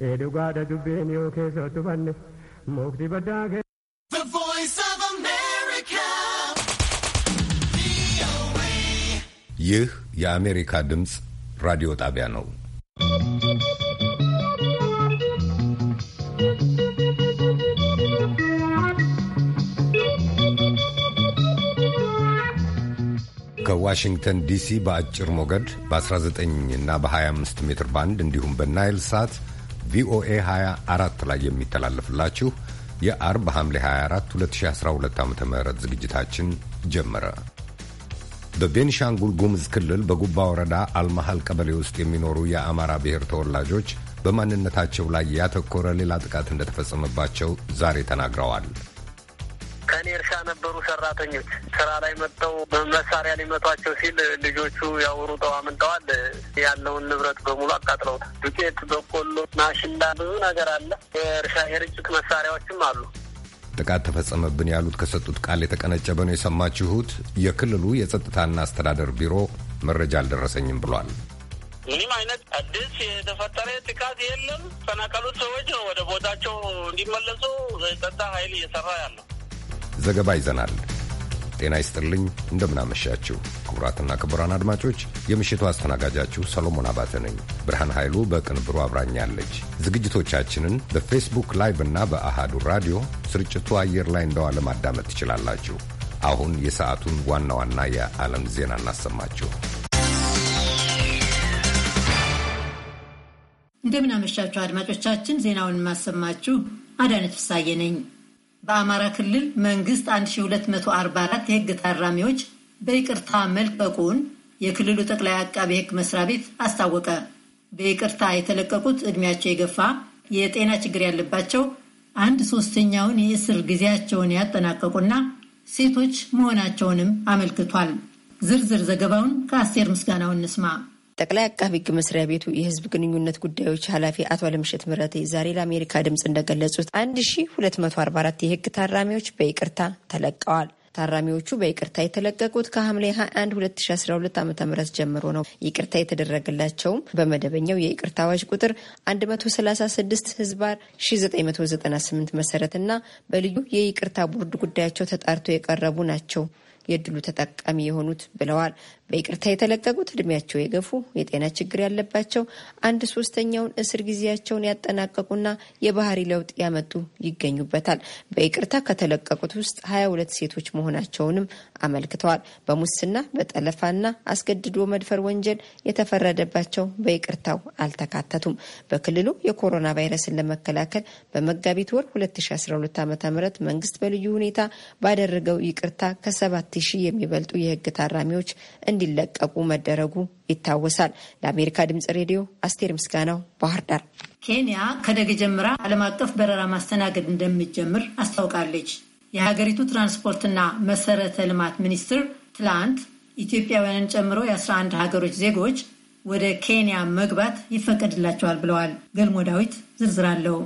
edugaada yoo banne mukti baddaa ይህ የአሜሪካ ድምፅ ራዲዮ ጣቢያ ነው። ከዋሽንግተን ዲሲ በአጭር ሞገድ በ19 እና በ25 ሜትር ባንድ እንዲሁም በናይል ሳት ቪኦኤ 24 ላይ የሚተላለፍላችሁ የአርብ ሐምሌ 24 2012 ዓ ም ዝግጅታችን ጀመረ። በቤንሻንጉል ጉሙዝ ክልል በጉባ ወረዳ አልመሃል ቀበሌ ውስጥ የሚኖሩ የአማራ ብሔር ተወላጆች በማንነታቸው ላይ ያተኮረ ሌላ ጥቃት እንደተፈጸመባቸው ዛሬ ተናግረዋል። ከኔ እርሻ ነበሩ ሰራተኞች ስራ ላይ መጥተው መሳሪያ ሊመቷቸው ሲል ልጆቹ ያወሩጠው አምልጠዋል። ያለውን ንብረት በሙሉ አቃጥለውታል። ዱቄት፣ በቆሎ፣ ማሽላ ብዙ ነገር አለ። የእርሻ የርጭት መሳሪያዎችም አሉ። ጥቃት ተፈጸመብን ያሉት ከሰጡት ቃል የተቀነጨበ ነው የሰማችሁት። የክልሉ የጸጥታና አስተዳደር ቢሮ መረጃ አልደረሰኝም ብሏል። ምንም አይነት አዲስ የተፈጠረ ጥቃት የለም። ፈናቀሉት ሰዎች ነው ወደ ቦታቸው እንዲመለሱ ጸጥታ ኃይል እየሰራ ያለው ዘገባ ይዘናል። ጤና ይስጥልኝ፣ እንደምናመሻችሁ ክቡራትና ክቡራን አድማጮች፣ የምሽቱ አስተናጋጃችሁ ሰሎሞን አባተ ነኝ። ብርሃን ኃይሉ በቅንብሩ አብራኛለች። ዝግጅቶቻችንን በፌስቡክ ላይቭ እና በአሃዱ ራዲዮ ስርጭቱ አየር ላይ እንደዋለ ማዳመጥ ትችላላችሁ። አሁን የሰዓቱን ዋና ዋና የዓለም ዜና እናሰማችሁ። እንደምናመሻችሁ አድማጮቻችን፣ ዜናውን የማሰማችሁ አዳነት ፍሳዬ ነኝ። በአማራ ክልል መንግስት 1244 የህግ ታራሚዎች በይቅርታ መልቀቁን የክልሉ ጠቅላይ አቃቢ ህግ መስሪያ ቤት አስታወቀ። በይቅርታ የተለቀቁት ዕድሜያቸው የገፋ የጤና ችግር ያለባቸው አንድ ሶስተኛውን የእስር ጊዜያቸውን ያጠናቀቁና ሴቶች መሆናቸውንም አመልክቷል። ዝርዝር ዘገባውን ከአስቴር ምስጋናው እንስማ። ጠቅላይ አቃቢ ሕግ መስሪያ ቤቱ የህዝብ ግንኙነት ጉዳዮች ኃላፊ አቶ አለምሸት ምረቴ ዛሬ ለአሜሪካ ድምፅ እንደገለጹት 1244 የህግ ታራሚዎች በይቅርታ ተለቀዋል። ታራሚዎቹ በይቅርታ የተለቀቁት ከሐምሌ 21 2012 ዓ ም ጀምሮ ነው። ይቅርታ የተደረገላቸውም በመደበኛው የይቅርታ አዋጅ ቁጥር 136 ህዝባር 1998 መሰረትና በልዩ የይቅርታ ቦርድ ጉዳያቸው ተጣርቶ የቀረቡ ናቸው የድሉ ተጠቃሚ የሆኑት ብለዋል። በይቅርታ የተለቀቁት እድሜያቸው የገፉ የጤና ችግር ያለባቸው፣ አንድ ሶስተኛውን እስር ጊዜያቸውን ያጠናቀቁና የባህሪ ለውጥ ያመጡ ይገኙበታል። በይቅርታ ከተለቀቁት ውስጥ ሀያ ሁለት ሴቶች መሆናቸውንም አመልክተዋል። በሙስና በጠለፋና አስገድዶ መድፈር ወንጀል የተፈረደባቸው በይቅርታው አልተካተቱም። በክልሉ የኮሮና ቫይረስን ለመከላከል በመጋቢት ወር 2012 ዓ ም መንግስት በልዩ ሁኔታ ባደረገው ይቅርታ ከሰባት ሺህ የሚበልጡ የህግ ታራሚዎች እንዲለቀቁ መደረጉ ይታወሳል። ለአሜሪካ ድምጽ ሬዲዮ አስቴር ምስጋናው ባህር ዳር። ኬንያ ከነገ ጀምራ ዓለም አቀፍ በረራ ማስተናገድ እንደምትጀምር አስታውቃለች። የሀገሪቱ ትራንስፖርትና መሰረተ ልማት ሚኒስትር ትላንት ኢትዮጵያውያንን ጨምሮ የ11 ሀገሮች ዜጎች ወደ ኬንያ መግባት ይፈቀድላቸዋል ብለዋል። ገልሞ ዳዊት ዝርዝር አለው።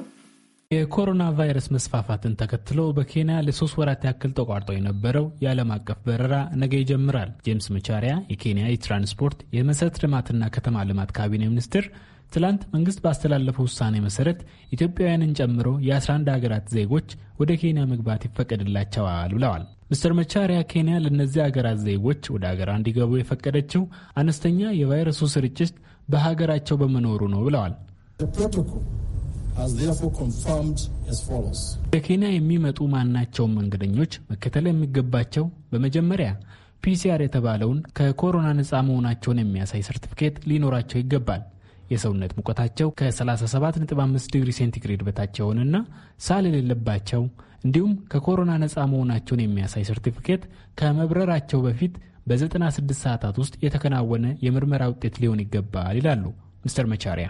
የኮሮና ቫይረስ መስፋፋትን ተከትሎ በኬንያ ለሶስት ወራት ያክል ተቋርጦ የነበረው የዓለም አቀፍ በረራ ነገ ይጀምራል። ጄምስ መቻሪያ የኬንያ የትራንስፖርት የመሰረት ልማትና ከተማ ልማት ካቢኔ ሚኒስትር ትላንት መንግስት ባስተላለፈው ውሳኔ መሰረት ኢትዮጵያውያንን ጨምሮ የ11 ሀገራት ዜጎች ወደ ኬንያ መግባት ይፈቀድላቸዋል ብለዋል። ሚስተር መቻሪያ ኬንያ ለእነዚህ ሀገራት ዜጎች ወደ ሀገራ እንዲገቡ የፈቀደችው አነስተኛ የቫይረሱ ስርጭት በሀገራቸው በመኖሩ ነው ብለዋል። በኬንያ የሚመጡ ማናቸውም መንገደኞች መከተል የሚገባቸው በመጀመሪያ ፒሲአር የተባለውን ከኮሮና ነፃ መሆናቸውን የሚያሳይ ሰርቲፊኬት ሊኖራቸው ይገባል። የሰውነት ሙቀታቸው ከ37.5 ዲግሪ ሴንቲግሬድ በታች የሆነና ሳል የሌለባቸው እንዲሁም ከኮሮና ነፃ መሆናቸውን የሚያሳይ ሰርቲፊኬት ከመብረራቸው በፊት በ96 ሰዓታት ውስጥ የተከናወነ የምርመራ ውጤት ሊሆን ይገባል ይላሉ ሚስተር መቻሪያ።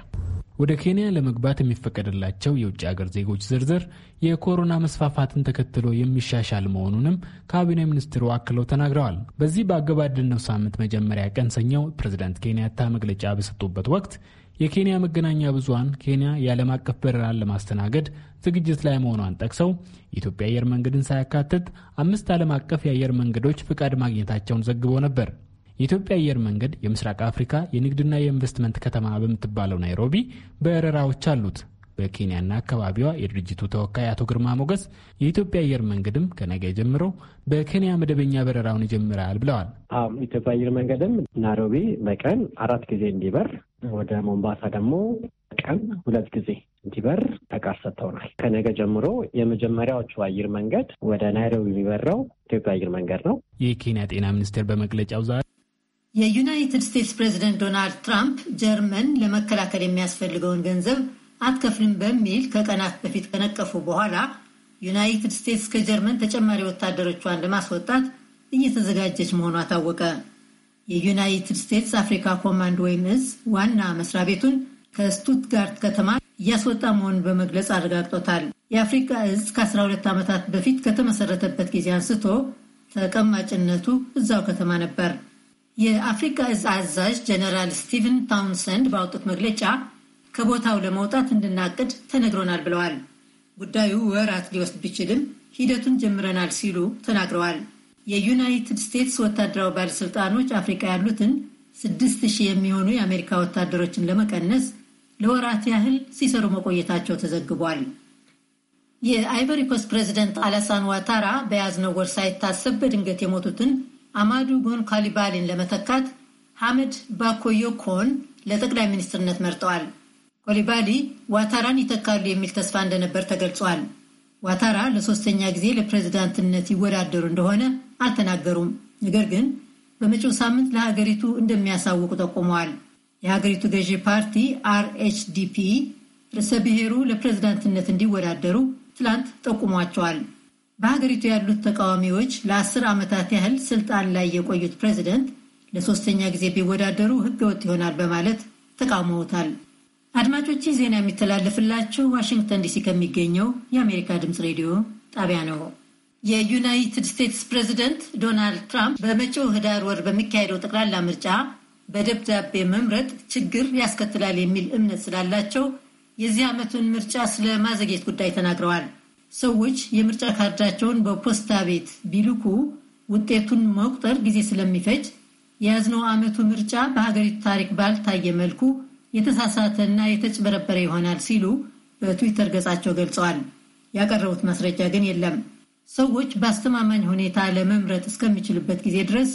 ወደ ኬንያ ለመግባት የሚፈቀድላቸው የውጭ ሀገር ዜጎች ዝርዝር የኮሮና መስፋፋትን ተከትሎ የሚሻሻል መሆኑንም ካቢኔ ሚኒስትሩ አክለው ተናግረዋል። በዚህ በአገባደነው ሳምንት መጀመሪያ ቀን ሰኞው ፕሬዚዳንት ኬንያታ መግለጫ በሰጡበት ወቅት የኬንያ መገናኛ ብዙሀን ኬንያ የዓለም አቀፍ በረራን ለማስተናገድ ዝግጅት ላይ መሆኗን ጠቅሰው የኢትዮጵያ አየር መንገድን ሳያካትት አምስት ዓለም አቀፍ የአየር መንገዶች ፍቃድ ማግኘታቸውን ዘግቦ ነበር። የኢትዮጵያ አየር መንገድ የምስራቅ አፍሪካ የንግድና የኢንቨስትመንት ከተማ በምትባለው ናይሮቢ በረራዎች አሉት። በኬንያና አካባቢዋ የድርጅቱ ተወካይ አቶ ግርማ ሞገስ የኢትዮጵያ አየር መንገድም ከነገ ጀምሮ በኬንያ መደበኛ በረራውን ይጀምራል ብለዋል። ኢትዮጵያ አየር መንገድም ናይሮቢ በቀን አራት ጊዜ እንዲበር ወደ ሞምባሳ ደግሞ ቀን ሁለት ጊዜ እንዲበር ፈቃድ ሰጥተውናል። ከነገ ጀምሮ የመጀመሪያዎቹ አየር መንገድ ወደ ናይሮቢ የሚበረው ኢትዮጵያ አየር መንገድ ነው። የኬንያ ጤና ሚኒስቴር በመግለጫው ዛሬ የዩናይትድ ስቴትስ ፕሬዚደንት ዶናልድ ትራምፕ ጀርመን ለመከላከል የሚያስፈልገውን ገንዘብ አትከፍልም በሚል ከቀናት በፊት ከነቀፉ በኋላ ዩናይትድ ስቴትስ ከጀርመን ተጨማሪ ወታደሮቿን ለማስወጣት እየተዘጋጀች መሆኗ ታወቀ። የዩናይትድ ስቴትስ አፍሪካ ኮማንድ ወይም እዝ ዋና መስሪያ ቤቱን ከስቱትጋርት ከተማ እያስወጣ መሆኑን በመግለጽ አረጋግጦታል። የአፍሪካ እዝ ከ12 ዓመታት በፊት ከተመሰረተበት ጊዜ አንስቶ ተቀማጭነቱ እዛው ከተማ ነበር። የአፍሪካ እዝ አዛዥ ጀነራል ስቲቨን ታውንሰንድ ባወጡት መግለጫ ከቦታው ለመውጣት እንድናቅድ ተነግሮናል ብለዋል። ጉዳዩ ወራት ሊወስድ ቢችልም ሂደቱን ጀምረናል ሲሉ ተናግረዋል። የዩናይትድ ስቴትስ ወታደራዊ ባለሥልጣኖች አፍሪካ ያሉትን ስድስት ሺህ የሚሆኑ የአሜሪካ ወታደሮችን ለመቀነስ ለወራት ያህል ሲሰሩ መቆየታቸው ተዘግቧል። የአይቨሪ ፕሬዚደንት አላሳን ዋታራ በያዝነው ወር ሳይታሰብ በድንገት የሞቱትን አማዱ ጎን ካሊባሊን ለመተካት ሐመድ ባኮዮኮን ለጠቅላይ ሚኒስትርነት መርጠዋል። ኮሊባሊ ዋታራን ይተካሉ የሚል ተስፋ እንደነበር ተገልጿል። ዋታራ ለሶስተኛ ጊዜ ለፕሬዚዳንትነት ይወዳደሩ እንደሆነ አልተናገሩም። ነገር ግን በመጪው ሳምንት ለሀገሪቱ እንደሚያሳውቁ ጠቁመዋል። የሀገሪቱ ገዢ ፓርቲ አርኤችዲፒ ርዕሰ ብሔሩ ለፕሬዚዳንትነት እንዲወዳደሩ ትላንት ጠቁሟቸዋል። በሀገሪቱ ያሉት ተቃዋሚዎች ለአስር ዓመታት ያህል ስልጣን ላይ የቆዩት ፕሬዚደንት ለሶስተኛ ጊዜ ቢወዳደሩ ህገወጥ ይሆናል በማለት ተቃውመውታል። አድማጮች፣ ዜና የሚተላለፍላቸው ዋሽንግተን ዲሲ ከሚገኘው የአሜሪካ ድምፅ ሬዲዮ ጣቢያ ነው። የዩናይትድ ስቴትስ ፕሬዚደንት ዶናልድ ትራምፕ በመጪው ህዳር ወር በሚካሄደው ጠቅላላ ምርጫ በደብዳቤ መምረጥ ችግር ያስከትላል የሚል እምነት ስላላቸው የዚህ ዓመቱን ምርጫ ስለ ማዘግየት ጉዳይ ተናግረዋል። ሰዎች የምርጫ ካርዳቸውን በፖስታ ቤት ቢልኩ ውጤቱን መቁጠር ጊዜ ስለሚፈጅ የያዝነው ዓመቱ ምርጫ በሀገሪቱ ታሪክ ባልታየ መልኩ የተሳሳተና የተጭበረበረ ይሆናል ሲሉ በትዊተር ገጻቸው ገልጸዋል። ያቀረቡት ማስረጃ ግን የለም። ሰዎች በአስተማማኝ ሁኔታ ለመምረጥ እስከሚችልበት ጊዜ ድረስ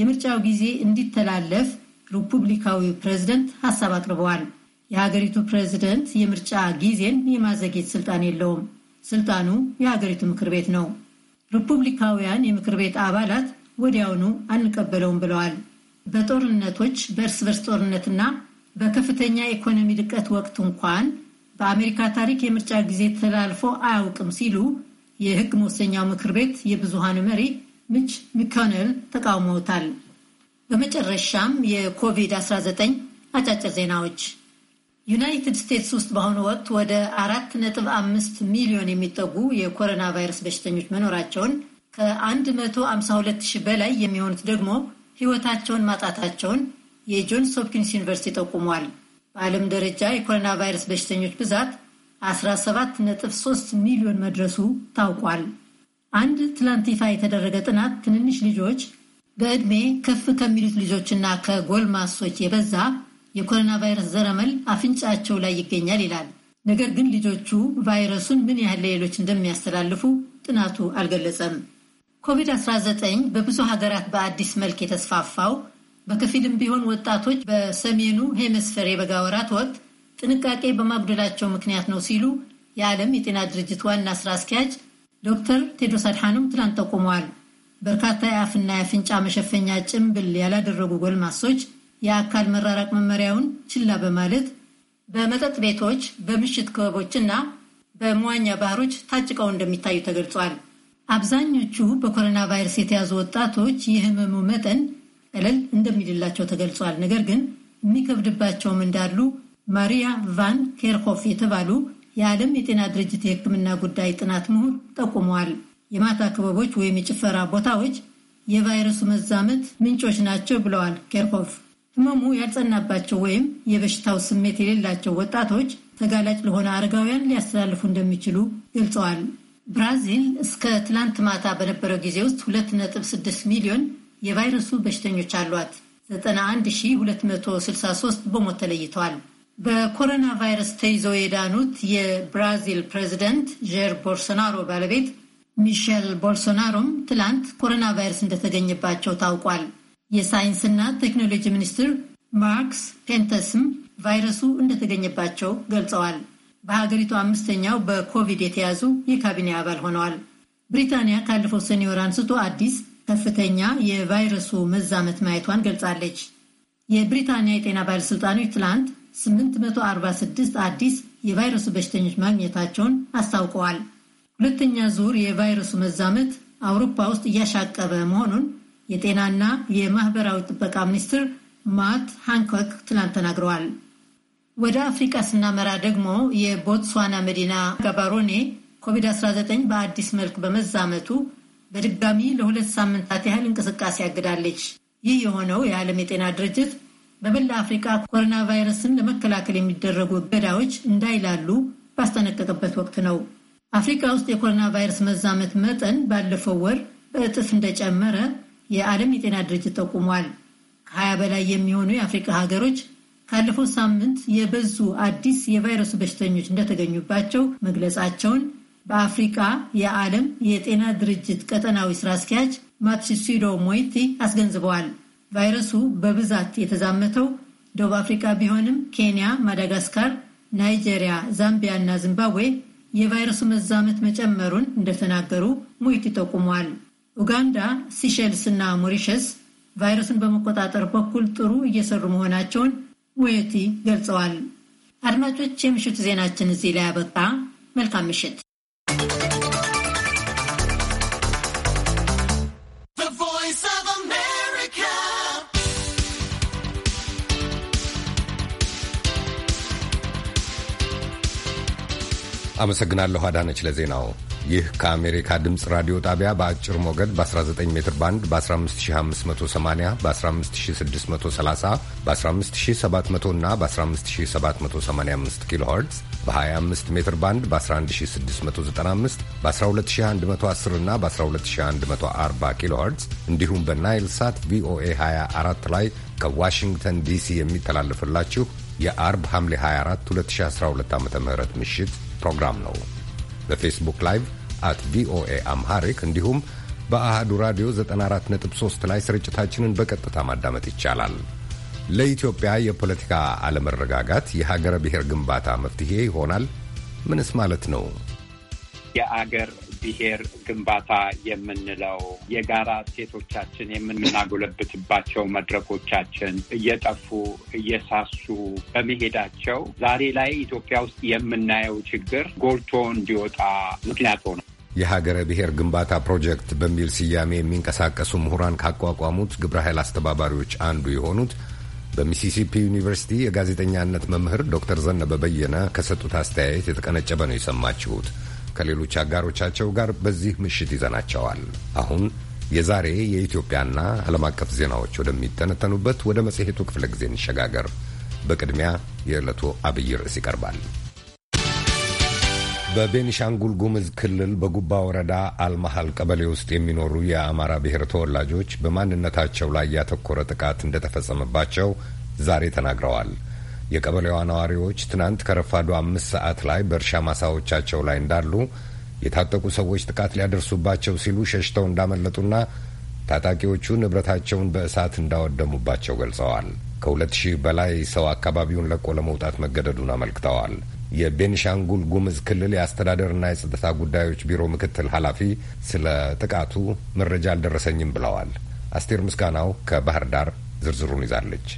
የምርጫው ጊዜ እንዲተላለፍ ሪፑብሊካዊው ፕሬዝደንት ሀሳብ አቅርበዋል። የሀገሪቱ ፕሬዝደንት የምርጫ ጊዜን የማዘግየት ስልጣን የለውም። ስልጣኑ የሀገሪቱ ምክር ቤት ነው። ሪፑብሊካውያን የምክር ቤት አባላት ወዲያውኑ አንቀበለውም ብለዋል። በጦርነቶች በእርስ በርስ ጦርነትና በከፍተኛ ኢኮኖሚ ድቀት ወቅት እንኳን በአሜሪካ ታሪክ የምርጫ ጊዜ ተላልፎ አያውቅም ሲሉ የሕግ መወሰኛው ምክር ቤት የብዙሃኑ መሪ ምች ሚኮነል ተቃውመውታል። በመጨረሻም የኮቪድ-19 አጫጭር ዜናዎች ዩናይትድ ስቴትስ ውስጥ በአሁኑ ወቅት ወደ አራት ነጥብ አምስት ሚሊዮን የሚጠጉ የኮሮና ቫይረስ በሽተኞች መኖራቸውን ከ ሁለት ሺህ በላይ የሚሆኑት ደግሞ ሕይወታቸውን ማጣታቸውን የጆንስ ሆፕኪንስ ዩኒቨርሲቲ ጠቁሟል። በዓለም ደረጃ የኮሮና ቫይረስ በሽተኞች ብዛት 17.3 ሚሊዮን መድረሱ ታውቋል። አንድ ትላንት ይፋ የተደረገ ጥናት ትንንሽ ልጆች በዕድሜ ከፍ ከሚሉት ልጆችና ከጎልማሶች የበዛ የኮሮና ቫይረስ ዘረመል አፍንጫቸው ላይ ይገኛል ይላል። ነገር ግን ልጆቹ ቫይረሱን ምን ያህል ለሌሎች እንደሚያስተላልፉ ጥናቱ አልገለጸም። ኮቪድ-19 በብዙ ሀገራት በአዲስ መልክ የተስፋፋው በከፊልም ቢሆን ወጣቶች በሰሜኑ ሄምስፌር የበጋ ወራት ወቅት ጥንቃቄ በማጉደላቸው ምክንያት ነው ሲሉ የዓለም የጤና ድርጅት ዋና ስራ አስኪያጅ ዶክተር ቴድሮስ አድሓኖም ትላንት ጠቁመዋል። በርካታ የአፍና የአፍንጫ መሸፈኛ ጭንብል ያላደረጉ ጎልማሶች የአካል መራራቅ መመሪያውን ችላ በማለት በመጠጥ ቤቶች፣ በምሽት ክበቦችና በመዋኛ ባህሮች ታጭቀው እንደሚታዩ ተገልጿል። አብዛኞቹ በኮሮና ቫይረስ የተያዙ ወጣቶች የህመሙ መጠን ቀለል እንደሚልላቸው ተገልጿል። ነገር ግን የሚከብድባቸውም እንዳሉ ማሪያ ቫን ኬርሆፍ የተባሉ የዓለም የጤና ድርጅት የሕክምና ጉዳይ ጥናት ምሁር ጠቁመዋል። የማታ ክበቦች ወይም የጭፈራ ቦታዎች የቫይረሱ መዛመት ምንጮች ናቸው ብለዋል ኬርሆፍ። ህመሙ ያልጸናባቸው ወይም የበሽታው ስሜት የሌላቸው ወጣቶች ተጋላጭ ለሆነ አረጋውያን ሊያስተላልፉ እንደሚችሉ ገልጸዋል። ብራዚል እስከ ትላንት ማታ በነበረው ጊዜ ውስጥ ስድስት ሚሊዮን የቫይረሱ በሽተኞች አሏት። 91263 በሞት ተለይተዋል። በኮሮና ቫይረስ ተይዘው የዳኑት የብራዚል ፕሬዚደንት ዣር ቦልሶናሮ ባለቤት ሚሸል ቦልሶናሮም ትላንት ኮሮና ቫይረስ እንደተገኘባቸው ታውቋል። የሳይንስና ቴክኖሎጂ ሚኒስትር ማርክስ ፔንተስም ቫይረሱ እንደተገኘባቸው ገልጸዋል። በሀገሪቱ አምስተኛው በኮቪድ የተያዙ የካቢኔ አባል ሆነዋል። ብሪታንያ ካለፈው ሰኔ ወር አንስቶ አዲስ ከፍተኛ የቫይረሱ መዛመት ማየቷን ገልጻለች። የብሪታንያ የጤና ባለሥልጣኖች ትላንት 846 አዲስ የቫይረሱ በሽተኞች ማግኘታቸውን አስታውቀዋል። ሁለተኛ ዙር የቫይረሱ መዛመት አውሮፓ ውስጥ እያሻቀበ መሆኑን የጤናና የማህበራዊ ጥበቃ ሚኒስትር ማት ሃንኮክ ትላንት ተናግረዋል። ወደ አፍሪቃ ስናመራ ደግሞ የቦትስዋና መዲና ጋባሮኔ ኮቪድ-19 በአዲስ መልክ በመዛመቱ በድጋሚ ለሁለት ሳምንታት ያህል እንቅስቃሴ ያግዳለች። ይህ የሆነው የዓለም የጤና ድርጅት በመላ አፍሪካ ኮሮና ቫይረስን ለመከላከል የሚደረጉ እገዳዎች እንዳይላሉ ባስጠነቀቀበት ወቅት ነው። አፍሪካ ውስጥ የኮሮና ቫይረስ መዛመት መጠን ባለፈው ወር በእጥፍ እንደጨመረ የዓለም የጤና ድርጅት ጠቁሟል። በላይ የሚሆኑ የአፍሪካ ሀገሮች ካለፈው ሳምንት የበዙ አዲስ የቫይረሱ በሽተኞች እንደተገኙባቸው መግለጻቸውን በአፍሪቃ የዓለም የጤና ድርጅት ቀጠናዊ ስራ አስኪያጅ ማትሺሲዶ ሞይቲ አስገንዝበዋል። ቫይረሱ በብዛት የተዛመተው ደቡብ አፍሪካ ቢሆንም ኬንያ፣ ማዳጋስካር፣ ናይጄሪያ፣ ዛምቢያ እና ዚምባብዌ የቫይረሱ መዛመት መጨመሩን እንደተናገሩ ሞይቲ ጠቁሟል። ኡጋንዳ፣ ሲሸልስ እና ሞሪሸስ ቫይረሱን በመቆጣጠር በኩል ጥሩ እየሰሩ መሆናቸውን ወየቲ ገልጸዋል። አድማጮች፣ የምሽቱ ዜናችን እዚህ ላይ አበቃ። መልካም ምሽት። አመሰግናለሁ አዳነች ለዜናው። ይህ ከአሜሪካ ድምፅ ራዲዮ ጣቢያ በአጭር ሞገድ በ19 ሜትር ባንድ በ15580 በ15630 በ15700 እና በ15785 ኪሎ ሄርዝ በ25 ሜትር ባንድ በ11695 በ12110 እና በ12140 ኪሎ ሄርዝ እንዲሁም በናይል ሳት ቪኦኤ 24 ላይ ከዋሽንግተን ዲሲ የሚተላለፍላችሁ የአርብ ሐምሌ 24 2012 ዓ ም ምሽት ፕሮግራም ነው። በፌስቡክ ላይቭ አት ቪኦኤ አምሃሪክ እንዲሁም በአሃዱ ራዲዮ 94.3 ላይ ስርጭታችንን በቀጥታ ማዳመጥ ይቻላል። ለኢትዮጵያ የፖለቲካ አለመረጋጋት የሀገረ ብሔር ግንባታ መፍትሄ ይሆናል ምንስ ማለት ነው? የአገር ብሔር ግንባታ የምንለው የጋራ እሴቶቻችን የምናጎለብትባቸው መድረኮቻችን እየጠፉ እየሳሱ በመሄዳቸው ዛሬ ላይ ኢትዮጵያ ውስጥ የምናየው ችግር ጎልቶ እንዲወጣ ምክንያት ሆነ። የሀገረ ብሔር ግንባታ ፕሮጀክት በሚል ስያሜ የሚንቀሳቀሱ ምሁራን ካቋቋሙት ግብረ ኃይል አስተባባሪዎች አንዱ የሆኑት በሚሲሲፒ ዩኒቨርሲቲ የጋዜጠኛነት መምህር ዶክተር ዘነበ በየነ ከሰጡት አስተያየት የተቀነጨበ ነው የሰማችሁት። ከሌሎች አጋሮቻቸው ጋር በዚህ ምሽት ይዘናቸዋል። አሁን የዛሬ የኢትዮጵያና ዓለም አቀፍ ዜናዎች ወደሚተነተኑበት ወደ መጽሔቱ ክፍለ ጊዜ እንሸጋገር። በቅድሚያ የዕለቱ አብይ ርዕስ ይቀርባል። በቤኒሻንጉል ጉምዝ ክልል በጉባ ወረዳ አልመሃል ቀበሌ ውስጥ የሚኖሩ የአማራ ብሔር ተወላጆች በማንነታቸው ላይ ያተኮረ ጥቃት እንደተፈጸመባቸው ዛሬ ተናግረዋል። የቀበሌዋ ነዋሪዎች ትናንት ከረፋዱ አምስት ሰዓት ላይ በእርሻ ማሳዎቻቸው ላይ እንዳሉ የታጠቁ ሰዎች ጥቃት ሊያደርሱባቸው ሲሉ ሸሽተው እንዳመለጡና ታጣቂዎቹ ንብረታቸውን በእሳት እንዳወደሙባቸው ገልጸዋል። ከሁለት ሺህ በላይ ሰው አካባቢውን ለቆ ለመውጣት መገደዱን አመልክተዋል። የቤንሻንጉል ጉምዝ ክልል የአስተዳደርና የጸጥታ ጉዳዮች ቢሮ ምክትል ኃላፊ ስለ ጥቃቱ መረጃ አልደረሰኝም ብለዋል። አስቴር ምስጋናው ከባህር ዳር ዝርዝሩን ይዛለች።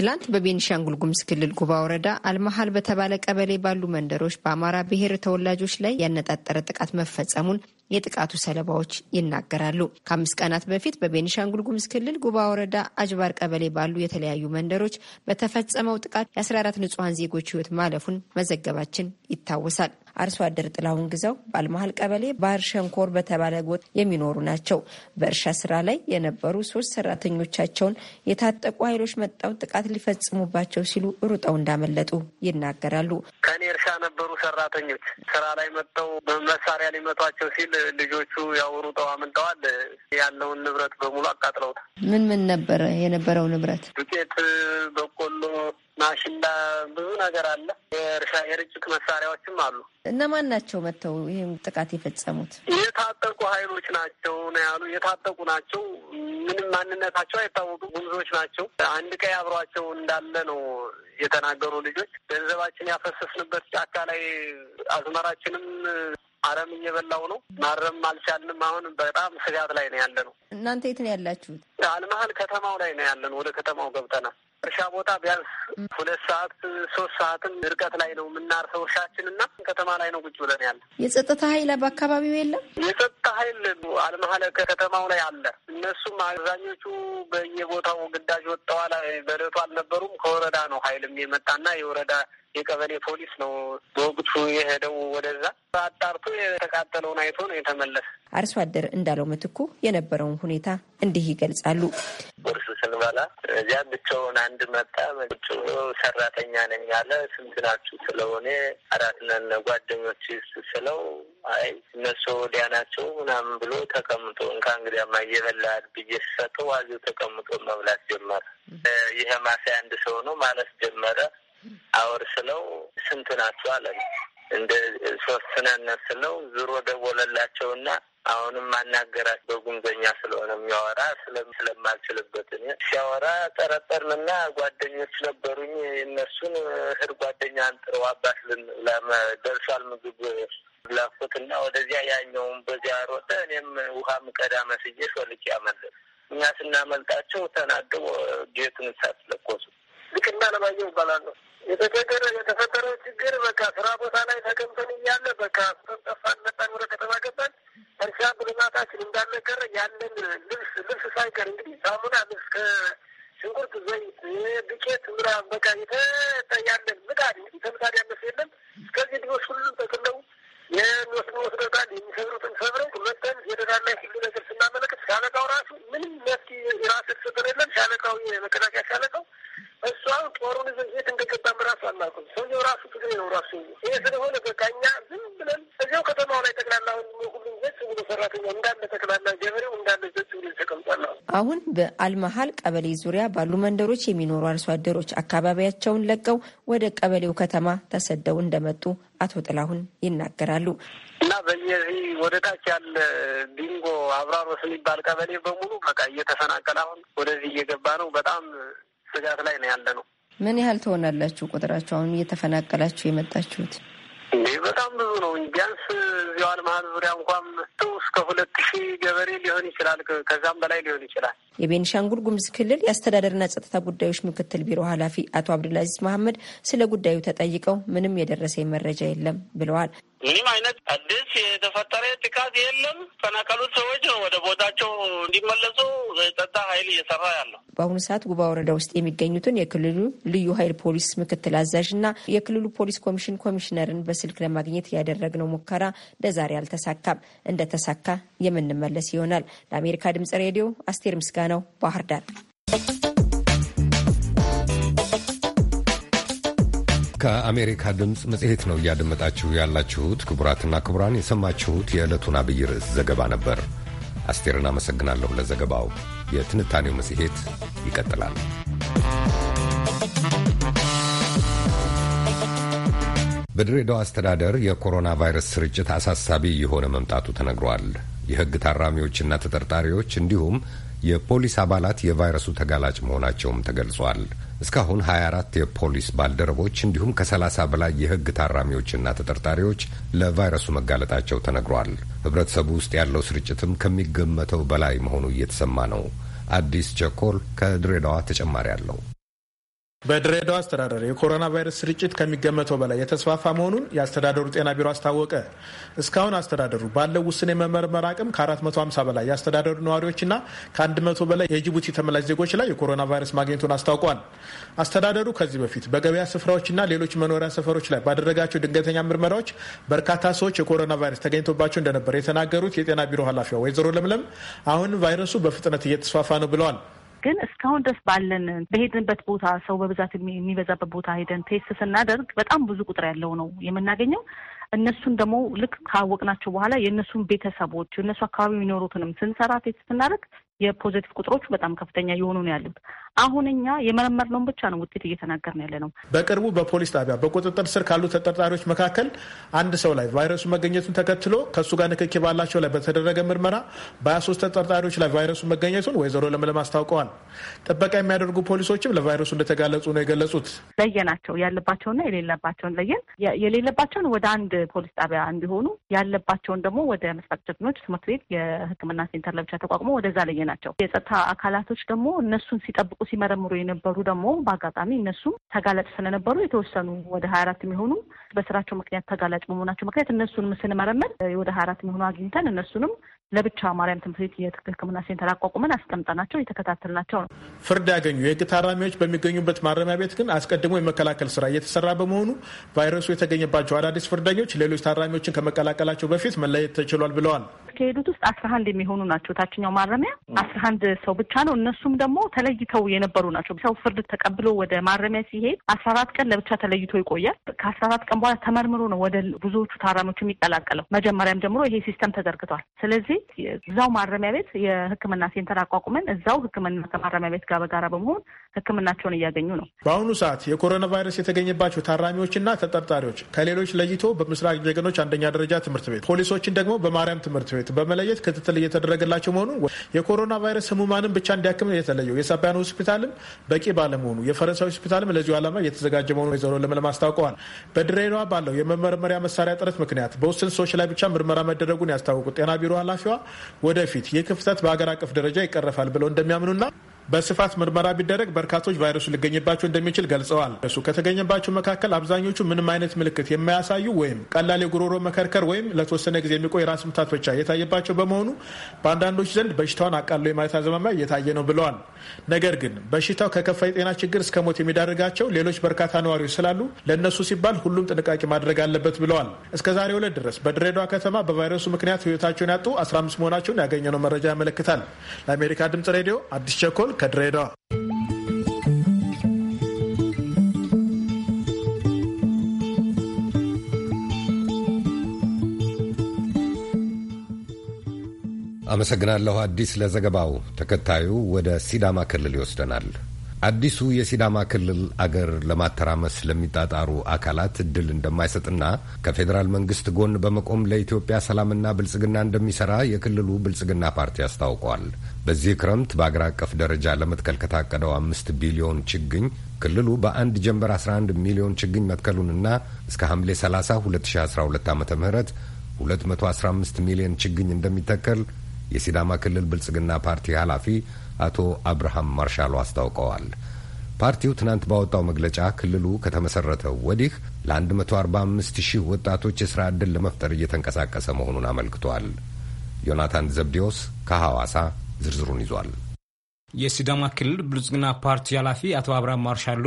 ትላንት በቤኒሻንጉል ጉምዝ ክልል ጉባ ወረዳ አልመሀል በተባለ ቀበሌ ባሉ መንደሮች በአማራ ብሔር ተወላጆች ላይ ያነጣጠረ ጥቃት መፈጸሙን የጥቃቱ ሰለባዎች ይናገራሉ። ከአምስት ቀናት በፊት በቤኒሻንጉል ጉምዝ ክልል ጉባ ወረዳ አጅባር ቀበሌ ባሉ የተለያዩ መንደሮች በተፈጸመው ጥቃት የ14 ንጹሐን ዜጎች ህይወት ማለፉን መዘገባችን ይታወሳል። አርሶ አደር ጥላሁን ግዛው ባልመሀል ቀበሌ ባህር ሸንኮር በተባለ ጎጥ የሚኖሩ ናቸው። በእርሻ ስራ ላይ የነበሩ ሶስት ሰራተኞቻቸውን የታጠቁ ኃይሎች መጣው ጥቃት ሊፈጽሙባቸው ሲሉ ሩጠው እንዳመለጡ ይናገራሉ። ከኔ እርሻ ነበሩ ሰራተኞች ስራ ላይ መጥተው በመሳሪያ ሊመቷቸው ሲል ልጆቹ ያው ሩጠው አምልጠዋል። ያለውን ንብረት በሙሉ አቃጥለውታል። ምን ምን ነበረ የነበረው ንብረት? ዱቄት፣ በቆሎ ማሽላ፣ ብዙ ነገር አለ። የእርሻ የርጭት መሳሪያዎችም አሉ። እነማን ናቸው መጥተው ይህም ጥቃት የፈጸሙት? የታጠቁ ኃይሎች ናቸው ነው ያሉ። የታጠቁ ናቸው። ምንም ማንነታቸው አይታወቁ ጉምዞች ናቸው። አንድ ቀይ አብሯቸው እንዳለ ነው የተናገሩ ልጆች። ገንዘባችን ያፈሰስንበት ጫካ ላይ አዝመራችንም አረም እየበላው ነው። ማረም አልቻልንም። አሁን በጣም ስጋት ላይ ነው ያለ ነው። እናንተ የት ነው ያላችሁት? አልመሀል ከተማው ላይ ነው ያለን። ወደ ከተማው ገብተናል። እርሻ ቦታ ቢያንስ ሁለት ሰዓት ሶስት ሰዓትም ርቀት ላይ ነው የምናርሰው እርሻችን እና ከተማ ላይ ነው ቁጭ ብለን ያለ። የጸጥታ ኃይል በአካባቢው የለም። የጸጥታ ኃይል አልመሀለ ከተማው ላይ አለ። እነሱም አብዛኞቹ በየቦታው ግዳጅ ወጥተዋል። በደቱ አልነበሩም። ከወረዳ ነው ኃይልም የመጣና የወረዳ የቀበሌ ፖሊስ ነው በወቅቱ የሄደው ወደዛ አጣርቶ የተቃጠለውን አይቶ ነው የተመለሰ። አርሶ አደር እንዳለው ምትኩ የነበረውን ሁኔታ እንዲህ ይገልጻሉ። ቁርስ ስንበላ እዚያ ብቻውን አንድ መጣ። ቁጭ ሰራተኛ ነኝ ያለ ስንት ናችሁ ስለሆነ አራት ነን ጓደኞች ስለው አይ እነሱ ወዲያ ናቸው ምናምን ብሎ ተቀምጦ እንካ እንግዲያማ እየበላ ብዬ ስሰጠው ዋዚው ተቀምጦ መብላት ጀመረ። ይህ ማሳይ አንድ ሰው ነው ማለት ጀመረ። አወርስለው ስንት ናቸው አለን። እንደ ሶስት ነን ስለው ዙሮ ደወለላቸውና አሁንም ማናገራት በጉምዘኛ ስለሆነ የሚያወራ ስለማልችልበት ሲያወራ ጠረጠርንና ጓደኞች ነበሩኝ እነሱን እህድ ጓደኛ አንጥረው አባት ለደርሷል ምግብ ላኩትና ወደዚያ ያኛውም በዚያ ሮጠ። እኔም ውሃ ምቀዳ መስዬ ሾልክ ያመለጥ እኛ ስናመልጣቸው ተናድቦ ቤቱን ሳት ለኮሱ ልቅና ለማየው ይባላሉ። የተቸገረ የተፈጠረው ችግር በቃ ስራ ቦታ ላይ ተቀምጠን እያለ በቃ ስም ጠፋን፣ መጣን፣ ወደ ከተማ ገባን። እርሻ ብልማታችን እንዳልነቀረ ያለን ልብስ ልብስ ሳይቀር እንግዲህ ሳሙና፣ ልብስ ከሽንኩርት ዘይት፣ ዱቄት ምናምን በቃ የተጠ ያለን ምጣድ እንግዲህ ተምጣድ ያነሱ የለም። እስከዚህ ድሮች ሁሉም ተክለው የሚወስዱ ወስደታል። የሚሰብሩትን ሰብረው መጠን የደዳና ሁሉ ነገር ስናመለክት ሻለቃው ራሱ ምንም መፍትሄ ራሱ የተሰጠን የለም። ሻለቃው የመከላከያ ሻለቃው እሷም ጦሩን ዝ የት እንደገባም ራሱ አናውቅም። ሰውየው ራሱ ትግሬ ነው ራሱ። ይሄ ስለሆነ በቃ እኛ ዝም ብለን እዚያው ከተማው ላይ ጠቅላላ ሁሉም ዘጭ ብሎ ሰራተኛ እንዳለ ጠቅላላ ገበሬው እንዳለ ዘጭ ብሎ ተቀምጧል። አሁን በአልመሀል ቀበሌ ዙሪያ ባሉ መንደሮች የሚኖሩ አርሶ አደሮች አካባቢያቸውን ለቀው ወደ ቀበሌው ከተማ ተሰደው እንደመጡ አቶ ጥላሁን ይናገራሉ። እና በየዚህ ወደ ታች ያለ ቢንጎ አብራሮስ የሚባል ቀበሌ በሙሉ በቃ እየተፈናቀለ አሁን ወደዚህ እየገባ ነው በጣም ስጋት ላይ ነው ያለ ነው። ምን ያህል ትሆናላችሁ ቁጥራችሁ አሁን እየተፈናቀላችሁ የመጣችሁት? እንዲህ በጣም ብዙ ነው። ቢያንስ እዚሁ አልመሀል ዙሪያ እንኳን ስ እስከ ሁለት ሺህ ገበሬ ሊሆን ይችላል፣ ከዛም በላይ ሊሆን ይችላል። የቤኒሻንጉል ጉሙዝ ክልል የአስተዳደርና ጸጥታ ጉዳዮች ምክትል ቢሮ ኃላፊ አቶ አብዱልአዚዝ መሐመድ ስለ ጉዳዩ ተጠይቀው ምንም የደረሰኝ መረጃ የለም ብለዋል። ምንም አይነት አዲስ የተፈጠረ ጥቃት የለም። ፈናቀሉት ሰዎች ነው ወደ ቦታቸው እንዲመለሱ የጸጥታ ኃይል እየሰራ ያለው። በአሁኑ ሰዓት ጉባ ወረዳ ውስጥ የሚገኙትን የክልሉ ልዩ ኃይል ፖሊስ ምክትል አዛዥ እና የክልሉ ፖሊስ ኮሚሽን ኮሚሽነርን በስልክ ለማግኘት ያደረግነው ሙከራ ለዛሬ አልተሳካም። እንደተሳካ የምንመለስ ይሆናል። ለአሜሪካ ድምጽ ሬዲዮ አስቴር ምስጋናው ባህር ዳር ከአሜሪካ ድምፅ መጽሔት ነው እያደመጣችሁ ያላችሁት። ክቡራትና ክቡራን የሰማችሁት የዕለቱን አብይ ርዕስ ዘገባ ነበር። አስቴርን አመሰግናለሁ ለዘገባው። የትንታኔው መጽሔት ይቀጥላል። በድሬዳዋ አስተዳደር የኮሮና ቫይረስ ስርጭት አሳሳቢ የሆነ መምጣቱ ተነግሯል። የሕግ ታራሚዎችና ተጠርጣሪዎች እንዲሁም የፖሊስ አባላት የቫይረሱ ተጋላጭ መሆናቸውም ተገልጿል። እስካሁን 24 የፖሊስ ባልደረቦች እንዲሁም ከ30 በላይ የሕግ ታራሚዎችና ተጠርጣሪዎች ለቫይረሱ መጋለጣቸው ተነግሯል። ህብረተሰቡ ውስጥ ያለው ስርጭትም ከሚገመተው በላይ መሆኑ እየተሰማ ነው። አዲስ ቸኮል ከድሬዳዋ ተጨማሪ አለው። በድሬዳዋ አስተዳደር የኮሮና ቫይረስ ስርጭት ከሚገመተው በላይ የተስፋፋ መሆኑን የአስተዳደሩ ጤና ቢሮ አስታወቀ። እስካሁን አስተዳደሩ ባለው ውስን የመመርመር አቅም ከ450 በላይ የአስተዳደሩ ነዋሪዎችና ከ100 በላይ የጅቡቲ ተመላሽ ዜጎች ላይ የኮሮና ቫይረስ ማግኘቱን አስታውቋል። አስተዳደሩ ከዚህ በፊት በገበያ ስፍራዎችና ሌሎች መኖሪያ ሰፈሮች ላይ ባደረጋቸው ድንገተኛ ምርመራዎች በርካታ ሰዎች የኮሮና ቫይረስ ተገኝቶባቸው እንደነበር የተናገሩት የጤና ቢሮ ኃላፊዋ ወይዘሮ ለምለም አሁን ቫይረሱ በፍጥነት እየተስፋፋ ነው ብለዋል። ግን እስካሁን ድረስ ባለን በሄድንበት ቦታ ሰው በብዛት የሚበዛበት ቦታ ሄደን ቴስት ስናደርግ በጣም ብዙ ቁጥር ያለው ነው የምናገኘው። እነሱን ደግሞ ልክ ካወቅናቸው በኋላ የእነሱን ቤተሰቦች የእነሱ አካባቢ የሚኖሩትንም ስንሰራ ቴስት ስናደርግ የፖዘቲቭ ቁጥሮቹ በጣም ከፍተኛ የሆኑ ነው ያሉት። አሁን እኛ የመረመርነውን ብቻ ነው ውጤት እየተናገርን ያለ ነው። በቅርቡ በፖሊስ ጣቢያ በቁጥጥር ስር ካሉ ተጠርጣሪዎች መካከል አንድ ሰው ላይ ቫይረሱ መገኘቱን ተከትሎ ከእሱ ጋር ንክኪ ባላቸው ላይ በተደረገ ምርመራ በሀያ ሶስት ተጠርጣሪዎች ላይ ቫይረሱ መገኘቱን ወይዘሮ ለምለም አስታውቀዋል። ጥበቃ የሚያደርጉ ፖሊሶችም ለቫይረሱ እንደተጋለጹ ነው የገለጹት። ለየናቸው ያለባቸውና የሌለባቸውን ለየን። የሌለባቸውን ወደ አንድ ፖሊስ ጣቢያ እንዲሆኑ ያለባቸውን ደግሞ ወደ መስራቅ ጀግኖች ትምህርት ቤት የሕክምና ሴንተር ለብቻ ተቋቁሞ ወደዛ ለየናቸው። የጸጥታ አካላቶች ደግሞ እነሱን ሲጠብቁ ተደብቆ ሲመረምሩ የነበሩ ደግሞ በአጋጣሚ እነሱም ተጋላጭ ስለነበሩ የተወሰኑ ወደ ሀያ አራት የሚሆኑ በስራቸው ምክንያት ተጋላጭ በመሆናቸው ምክንያት እነሱንም ስንመረምር ወደ ሀያ አራት የሚሆኑ አግኝተን እነሱንም ለብቻ ማርያም ትምህርት ቤት የሕክምና ሴንተር አቋቁመን አስቀምጠናቸው እየተከታተልናቸው ነው። ፍርድ ያገኙ የህግ ታራሚዎች በሚገኙበት ማረሚያ ቤት ግን አስቀድሞ የመከላከል ስራ እየተሰራ በመሆኑ ቫይረሱ የተገኘባቸው አዳዲስ ፍርደኞች ሌሎች ታራሚዎችን ከመቀላቀላቸው በፊት መለየት ተችሏል ብለዋል። ከሄዱት ውስጥ አስራ አንድ የሚሆኑ ናቸው። ታችኛው ማረሚያ አስራ አንድ ሰው ብቻ ነው። እነሱም ደግሞ ተለይተው የነበሩ ናቸው። ሰው ፍርድ ተቀብሎ ወደ ማረሚያ ሲሄድ አስራ አራት ቀን ለብቻ ተለይቶ ይቆያል። ከአስራ አራት ቀን በኋላ ተመርምሮ ነው ወደ ብዙዎቹ ታራሚዎች የሚቀላቀለው። መጀመሪያም ጀምሮ ይሄ ሲስተም ተዘርግቷል። ስለዚህ እዛው ማረሚያ ቤት የህክምና ሴንተር አቋቁመን እዛው ህክምና ከማረሚያ ቤት ጋር በጋራ በመሆን ህክምናቸውን እያገኙ ነው። በአሁኑ ሰዓት የኮሮና ቫይረስ የተገኘባቸው ታራሚዎችና ተጠርጣሪዎች ከሌሎች ለይቶ በምስራቅ ጀገኖች አንደኛ ደረጃ ትምህርት ቤት ፖሊሶችን ደግሞ በማርያም ትምህርት ቤት ምልክት በመለየት ክትትል እየተደረገላቸው መሆኑን የኮሮና ቫይረስ ህሙማንም ብቻ እንዲያክም የተለየው የሳቢያን ሆስፒታልም በቂ ባለመሆኑ የፈረንሳይ ሆስፒታልም ለዚሁ ዓላማ እየተዘጋጀ መሆኑ ወይዘሮ ለምለም አስታውቀዋል። በድሬዳዋ ባለው የመመርመሪያ መሳሪያ ጥረት ምክንያት በውስን ሰዎች ላይ ብቻ ምርመራ መደረጉን ያስታወቁት ጤና ቢሮ ኃላፊዋ ወደፊት ይህ ክፍተት በሀገር አቀፍ ደረጃ ይቀረፋል ብለው እንደሚያምኑና በስፋት ምርመራ ቢደረግ በርካቶች ቫይረሱ ሊገኝባቸው እንደሚችል ገልጸዋል። እሱ ከተገኘባቸው መካከል አብዛኞቹ ምንም አይነት ምልክት የማያሳዩ ወይም ቀላል የጉሮሮ መከርከር ወይም ለተወሰነ ጊዜ የሚቆይ ራስ ምታት ብቻ እየታየባቸው በመሆኑ በአንዳንዶች ዘንድ በሽታውን አቃሎ የማየት አዝማሚያ እየታየ ነው ብለዋል። ነገር ግን በሽታው ከከፋ የጤና ችግር እስከ ሞት የሚዳርጋቸው ሌሎች በርካታ ነዋሪዎች ስላሉ ለእነሱ ሲባል ሁሉም ጥንቃቄ ማድረግ አለበት ብለዋል። እስከ ዛሬ ሁለት ድረስ በድሬዳዋ ከተማ በቫይረሱ ምክንያት ህይወታቸውን ያጡ 15 መሆናቸውን ያገኘነው መረጃ ያመለክታል። ለአሜሪካ ድምጽ ሬዲዮ አዲስ ቸኮል ከድሬዳዋ አመሰግናለሁ አዲስ ለዘገባው። ተከታዩ ወደ ሲዳማ ክልል ይወስደናል። አዲሱ የሲዳማ ክልል አገር ለማተራመስ ለሚጣጣሩ አካላት እድል እንደማይሰጥና ከፌዴራል መንግስት ጎን በመቆም ለኢትዮጵያ ሰላምና ብልጽግና እንደሚሰራ የክልሉ ብልጽግና ፓርቲ አስታውቋል። በዚህ ክረምት በአገር አቀፍ ደረጃ ለመትከል ከታቀደው አምስት ቢሊዮን ችግኝ ክልሉ በአንድ ጀንበር 11 ሚሊዮን ችግኝ መትከሉንና እስከ ሐምሌ 30 2012 ዓ ም 215 ሚሊዮን ችግኝ እንደሚተከል የሲዳማ ክልል ብልጽግና ፓርቲ ኃላፊ አቶ አብርሃም ማርሻሉ አስታውቀዋል። ፓርቲው ትናንት ባወጣው መግለጫ ክልሉ ከተመሰረተው ወዲህ ለ145 ሺህ ወጣቶች የሥራ ዕድል ለመፍጠር እየተንቀሳቀሰ መሆኑን አመልክቷል። ዮናታን ዘብዴዎስ ከሐዋሳ ዝርዝሩን ይዟል። የሲዳማ ክልል ብልጽግና ፓርቲ ኃላፊ አቶ አብርሃም ማርሻሎ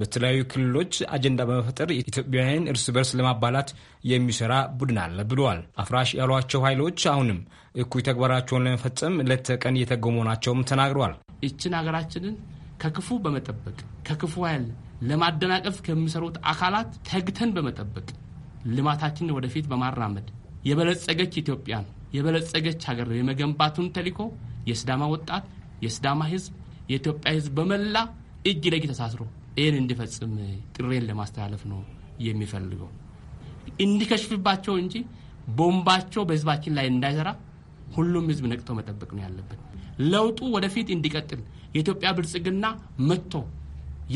በተለያዩ ክልሎች አጀንዳ በመፍጠር ኢትዮጵያውያን እርስ በርስ ለማባላት የሚሰራ ቡድን አለ ብለዋል። አፍራሽ ያሏቸው ኃይሎች አሁንም እኩይ ተግባራቸውን ለመፈጸም ለተቀን ተቀን ናቸውም ተናግረዋል። ይችን ሀገራችንን ከክፉ በመጠበቅ ከክፉ ኃይል ለማደናቀፍ ከሚሰሩት አካላት ተግተን በመጠበቅ ልማታችንን ወደፊት በማራመድ የበለጸገች ኢትዮጵያን የበለጸገች ሀገር የመገንባቱን ተልዕኮ የስዳማ ወጣት የስዳማ ህዝብ፣ የኢትዮጵያ ህዝብ በመላ እጅ ለእጅ ተሳስሮ ይህን እንዲፈጽም ጥሬን ለማስተላለፍ ነው የሚፈልገው። እንዲከሽፍባቸው እንጂ ቦምባቸው በህዝባችን ላይ እንዳይሰራ ሁሉም ህዝብ ነቅቶ መጠበቅ ነው ያለበት። ለውጡ ወደፊት እንዲቀጥል የኢትዮጵያ ብልጽግና መጥቶ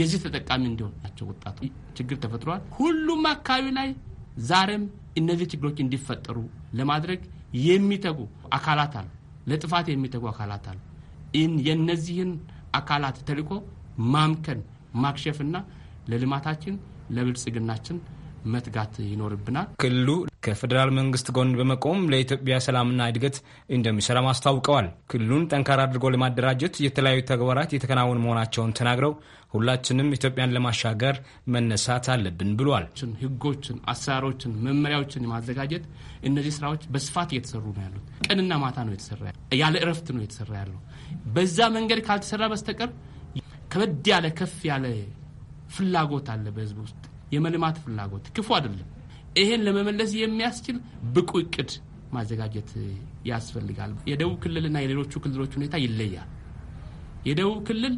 የዚህ ተጠቃሚ እንዲሆን ናቸው ወጣቱ ችግር ተፈጥሯል። ሁሉም አካባቢ ላይ ዛሬም እነዚህ ችግሮች እንዲፈጠሩ ለማድረግ የሚተጉ አካላት አሉ። ለጥፋት የሚተጉ አካላት አሉ። የእነዚህን አካላት ተልኮ ማምከን ማክሸፍና ለልማታችን ለብልጽግናችን መትጋት ይኖርብናል። ክልሉ ከፌዴራል መንግስት ጎን በመቆም ለኢትዮጵያ ሰላምና እድገት እንደሚሰራም አስታውቀዋል። ክልሉን ጠንካራ አድርጎ ለማደራጀት የተለያዩ ተግባራት የተከናወኑ መሆናቸውን ተናግረው ሁላችንም ኢትዮጵያን ለማሻገር መነሳት አለብን ብሏል። ህጎችን፣ አሰራሮችን፣ መመሪያዎችን የማዘጋጀት እነዚህ ስራዎች በስፋት እየተሰሩ ነው ያሉት። ቀንና ማታ ነው የተሰራ ያለ እረፍት ነው የተሰራ ያለው። በዛ መንገድ ካልተሰራ በስተቀር ከበድ ያለ ከፍ ያለ ፍላጎት አለ በህዝብ ውስጥ የመልማት ፍላጎት ክፉ አይደለም ይሄን ለመመለስ የሚያስችል ብቁ እቅድ ማዘጋጀት ያስፈልጋል። የደቡብ ክልልና የሌሎቹ ክልሎች ሁኔታ ይለያል። የደቡብ ክልል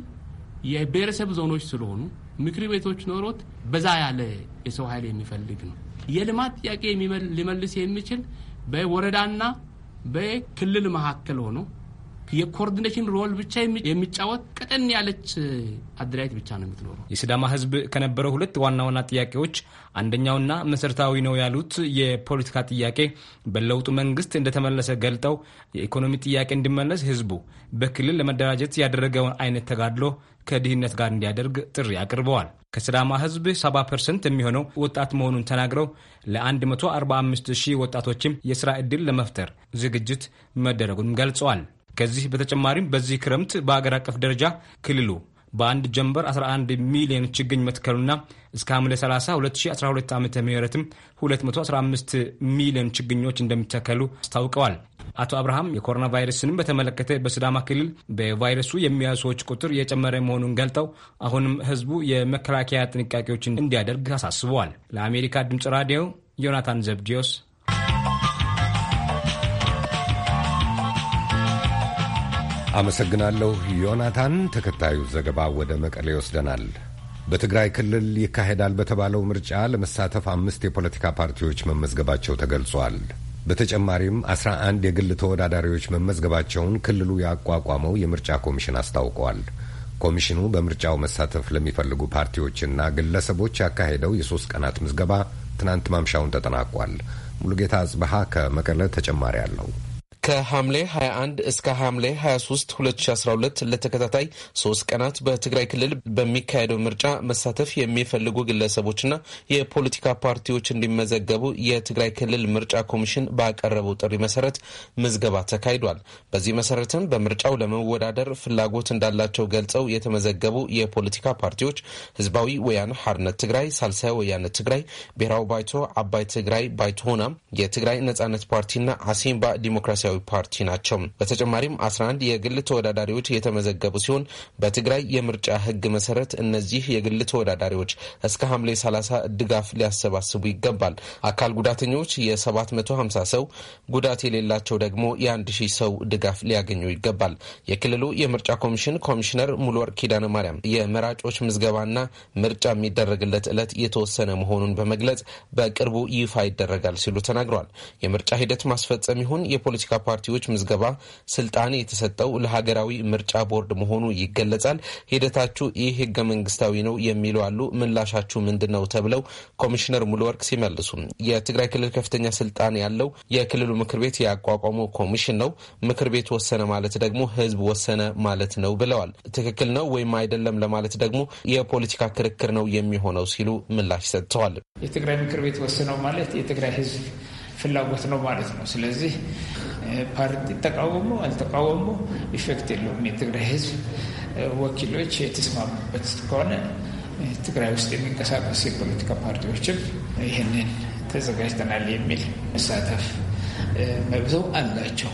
የብሔረሰብ ዞኖች ስለሆኑ ምክር ቤቶች ኖሮት በዛ ያለ የሰው ኃይል የሚፈልግ ነው። የልማት ጥያቄ ሊመልስ የሚችል በወረዳና በክልል መካከል ሆኖ የኮኦርዲኔሽን ሮል ብቻ የሚጫወት ቀጠን ያለች አደራጅት ብቻ ነው የምትኖረው። የሲዳማ ህዝብ ከነበረው ሁለት ዋና ዋና ጥያቄዎች አንደኛውና መሰረታዊ ነው ያሉት የፖለቲካ ጥያቄ በለውጡ መንግስት እንደተመለሰ ገልጠው የኢኮኖሚ ጥያቄ እንዲመለስ ህዝቡ በክልል ለመደራጀት ያደረገውን አይነት ተጋድሎ ከድህነት ጋር እንዲያደርግ ጥሪ አቅርበዋል። ከስዳማ ህዝብ 70 ፐርሰንት የሚሆነው ወጣት መሆኑን ተናግረው ለ145 ሺህ ወጣቶችም የሥራ ዕድል ለመፍጠር ዝግጅት መደረጉን ገልጸዋል። ከዚህ በተጨማሪም በዚህ ክረምት በአገር አቀፍ ደረጃ ክልሉ በአንድ ጀንበር 11 ሚሊዮን ችግኝ መትከሉና እስከ ሐምሌ 30 2012 ዓ ምትም 215 ሚሊዮን ችግኞች እንደሚተከሉ አስታውቀዋል። አቶ አብርሃም የኮሮና ቫይረስንም በተመለከተ በስዳማ ክልል በቫይረሱ የሚያዙ ሰዎች ቁጥር የጨመረ መሆኑን ገልጠው አሁንም ህዝቡ የመከላከያ ጥንቃቄዎችን እንዲያደርግ አሳስበዋል። ለአሜሪካ ድምፅ ራዲዮ ዮናታን ዘብዲዮስ አመሰግናለሁ ዮናታን። ተከታዩ ዘገባ ወደ መቀሌ ይወስደናል። በትግራይ ክልል ይካሄዳል በተባለው ምርጫ ለመሳተፍ አምስት የፖለቲካ ፓርቲዎች መመዝገባቸው ተገልጿል። በተጨማሪም አስራ አንድ የግል ተወዳዳሪዎች መመዝገባቸውን ክልሉ ያቋቋመው የምርጫ ኮሚሽን አስታውቋል። ኮሚሽኑ በምርጫው መሳተፍ ለሚፈልጉ ፓርቲዎችና ግለሰቦች ያካሄደው የሶስት ቀናት ምዝገባ ትናንት ማምሻውን ተጠናቋል። ሙሉጌታ አጽበሃ ከመቀለ ተጨማሪ አለው። ከሐምሌ 21 እስከ ሐምሌ 23 2012 ለተከታታይ ሶስት ቀናት በትግራይ ክልል በሚካሄደው ምርጫ መሳተፍ የሚፈልጉ ግለሰቦችና የፖለቲካ ፓርቲዎች እንዲመዘገቡ የትግራይ ክልል ምርጫ ኮሚሽን ባቀረበው ጥሪ መሰረት ምዝገባ ተካሂዷል። በዚህ መሰረትም በምርጫው ለመወዳደር ፍላጎት እንዳላቸው ገልጸው የተመዘገቡ የፖለቲካ ፓርቲዎች ህዝባዊ ወያነ ሓርነት ትግራይ፣ ሳልሳይ ወያነ ትግራይ፣ ብሔራዊ ባይቶ፣ አባይ ትግራይ፣ ባይቶሆና፣ የትግራይ ነጻነት ፓርቲና አሲምባ ዲሞክራሲያዊ ሰማያዊ ፓርቲ ናቸው። በተጨማሪም 11 የግል ተወዳዳሪዎች የተመዘገቡ ሲሆን በትግራይ የምርጫ ህግ መሰረት እነዚህ የግል ተወዳዳሪዎች እስከ ሐምሌ 30 ድጋፍ ሊያሰባስቡ ይገባል። አካል ጉዳተኞች የ750 ሰው፣ ጉዳት የሌላቸው ደግሞ የ1000 ሰው ድጋፍ ሊያገኙ ይገባል። የክልሉ የምርጫ ኮሚሽን ኮሚሽነር ሙሉወርቅ ኪዳነ ማርያም የመራጮች ምዝገባና ምርጫ የሚደረግለት ዕለት የተወሰነ መሆኑን በመግለጽ በቅርቡ ይፋ ይደረጋል ሲሉ ተናግረዋል። የምርጫ ሂደት ማስፈጸም ይሁን የፖለቲካ ፓርቲዎች ምዝገባ ስልጣን የተሰጠው ለሀገራዊ ምርጫ ቦርድ መሆኑ ይገለጻል። ሂደታችሁ ይህ ህገ መንግስታዊ ነው የሚሉ አሉ። ምላሻችሁ ምንድን ነው ተብለው ኮሚሽነር ሙሉወርቅ ወርቅ ሲመልሱ የትግራይ ክልል ከፍተኛ ስልጣን ያለው የክልሉ ምክር ቤት ያቋቋመው ኮሚሽን ነው። ምክር ቤት ወሰነ ማለት ደግሞ ህዝብ ወሰነ ማለት ነው ብለዋል። ትክክል ነው ወይም አይደለም ለማለት ደግሞ የፖለቲካ ክርክር ነው የሚሆነው ሲሉ ምላሽ ሰጥተዋል። የትግራይ ምክር ቤት ወሰነው ማለት የትግራይ ህዝብ ፍላጎት ነው ማለት ነው። ስለዚህ ፓርቲ ተቃወሞ አልተቃወሞ ኢፌክት የለውም። የትግራይ ህዝብ ወኪሎች የተስማሙበት ከሆነ ትግራይ ውስጥ የሚንቀሳቀስ የፖለቲካ ፓርቲዎችም ይህንን ተዘጋጅተናል የሚል መሳተፍ መብዘው አላቸው።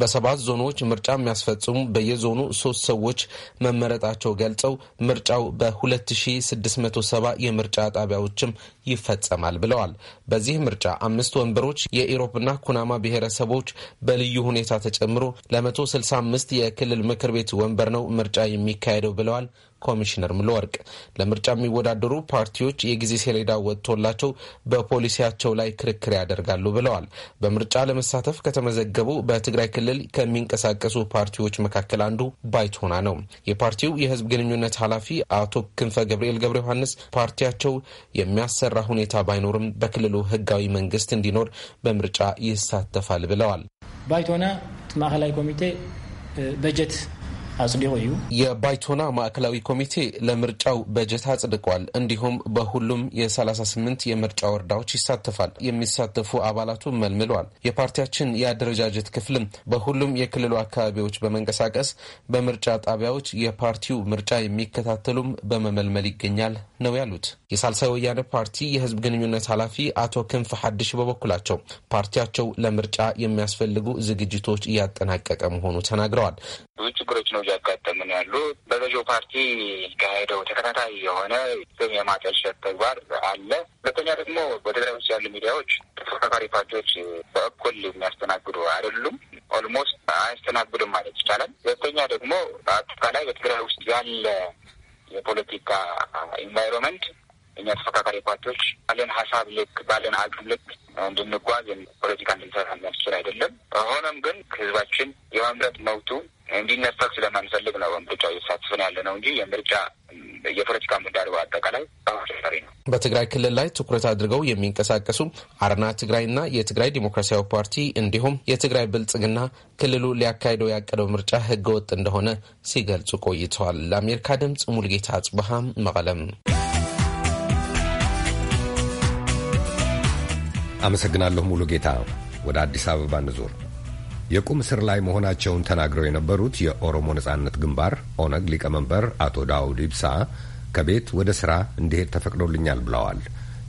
በሰባት ዞኖች ምርጫ የሚያስፈጽሙ በየዞኑ ሶስት ሰዎች መመረጣቸው ገልጸው ምርጫው በ2670 የምርጫ ጣቢያዎችም ይፈጸማል ብለዋል። በዚህ ምርጫ አምስት ወንበሮች የኢሮብና ኩናማ ብሔረሰቦች በልዩ ሁኔታ ተጨምሮ ለ165 የክልል ምክር ቤት ወንበር ነው ምርጫ የሚካሄደው ብለዋል። ኮሚሽነር ወርቅ ለምርጫ የሚወዳደሩ ፓርቲዎች የጊዜ ሰሌዳ ወጥቶላቸው በፖሊሲያቸው ላይ ክርክር ያደርጋሉ ብለዋል። በምርጫ ለመሳተፍ ከተመዘገቡ በትግራይ ክልል ከሚንቀሳቀሱ ፓርቲዎች መካከል አንዱ ባይቶና ነው። የፓርቲው የህዝብ ግንኙነት ኃላፊ አቶ ክንፈ ገብርኤል ገብረ ዮሐንስ ፓርቲያቸው የሚያሰራ የተጣራ ሁኔታ ባይኖርም በክልሉ ህጋዊ መንግስት እንዲኖር በምርጫ ይሳተፋል ብለዋል። ባይቶና ማዕከላዊ ኮሚቴ በጀት እዩ የባይቶና ማዕከላዊ ኮሚቴ ለምርጫው በጀት አጽድቋል። እንዲሁም በሁሉም የ38 የምርጫ ወረዳዎች ይሳተፋል። የሚሳተፉ አባላቱ መልምሏል። የፓርቲያችን የአደረጃጀት ክፍልም በሁሉም የክልሉ አካባቢዎች በመንቀሳቀስ በምርጫ ጣቢያዎች የፓርቲው ምርጫ የሚከታተሉም በመመልመል ይገኛል ነው ያሉት የሳልሳይ ወያነ ፓርቲ የህዝብ ግንኙነት ኃላፊ አቶ ክንፍ ሀድሽ በበኩላቸው ፓርቲያቸው ለምርጫ የሚያስፈልጉ ዝግጅቶች እያጠናቀቀ መሆኑ ተናግረዋል። ብዙ ችግሮች ነው እያጋጠምን ያሉ በገዢው ፓርቲ የተካሄደው ተከታታይ የሆነ ስም የማጠልሸት ተግባር አለ። ሁለተኛ ደግሞ በትግራይ ውስጥ ያሉ ሚዲያዎች ተፎካካሪ ፓርቲዎች በእኩል የሚያስተናግዱ አይደሉም። ኦልሞስት አያስተናግዱም ማለት ይቻላል። ሁለተኛ ደግሞ በአጠቃላይ በትግራይ ውስጥ ያለ የፖለቲካ ኢንቫይሮንመንት እኛ ተፎካካሪ ፓርቲዎች ባለን ሀሳብ ልክ ባለን አቅም ልክ እንድንጓዝ ፖለቲካ እንድንሰራ የሚያስችል አይደለም። ሆኖም ግን ህዝባችን የመምረጥ መብቱ እንዲነፈግ ስለማንፈልግ ነው ምርጫ እየተሳተፍን ያለ ነው እንጂ የምርጫ የፖለቲካ ምህዳሩ አጠቃላይ በማሸፈሪ ነው። በትግራይ ክልል ላይ ትኩረት አድርገው የሚንቀሳቀሱ አረና ትግራይና የትግራይ ዲሞክራሲያዊ ፓርቲ እንዲሁም የትግራይ ብልጽግና ክልሉ ሊያካሂደው ያቀደው ምርጫ ህገወጥ እንደሆነ ሲገልጹ ቆይተዋል። ለአሜሪካ ድምፅ ሙልጌታ አጽበሃም መቀለም አመሰግናለሁ። ሙሉ ጌታ ወደ አዲስ አበባ እንዞር። የቁም ስር ላይ መሆናቸውን ተናግረው የነበሩት የኦሮሞ ነጻነት ግንባር ኦነግ ሊቀመንበር አቶ ዳውድ ኢብሳ ከቤት ወደ ስራ እንዲሄድ ተፈቅዶልኛል ብለዋል።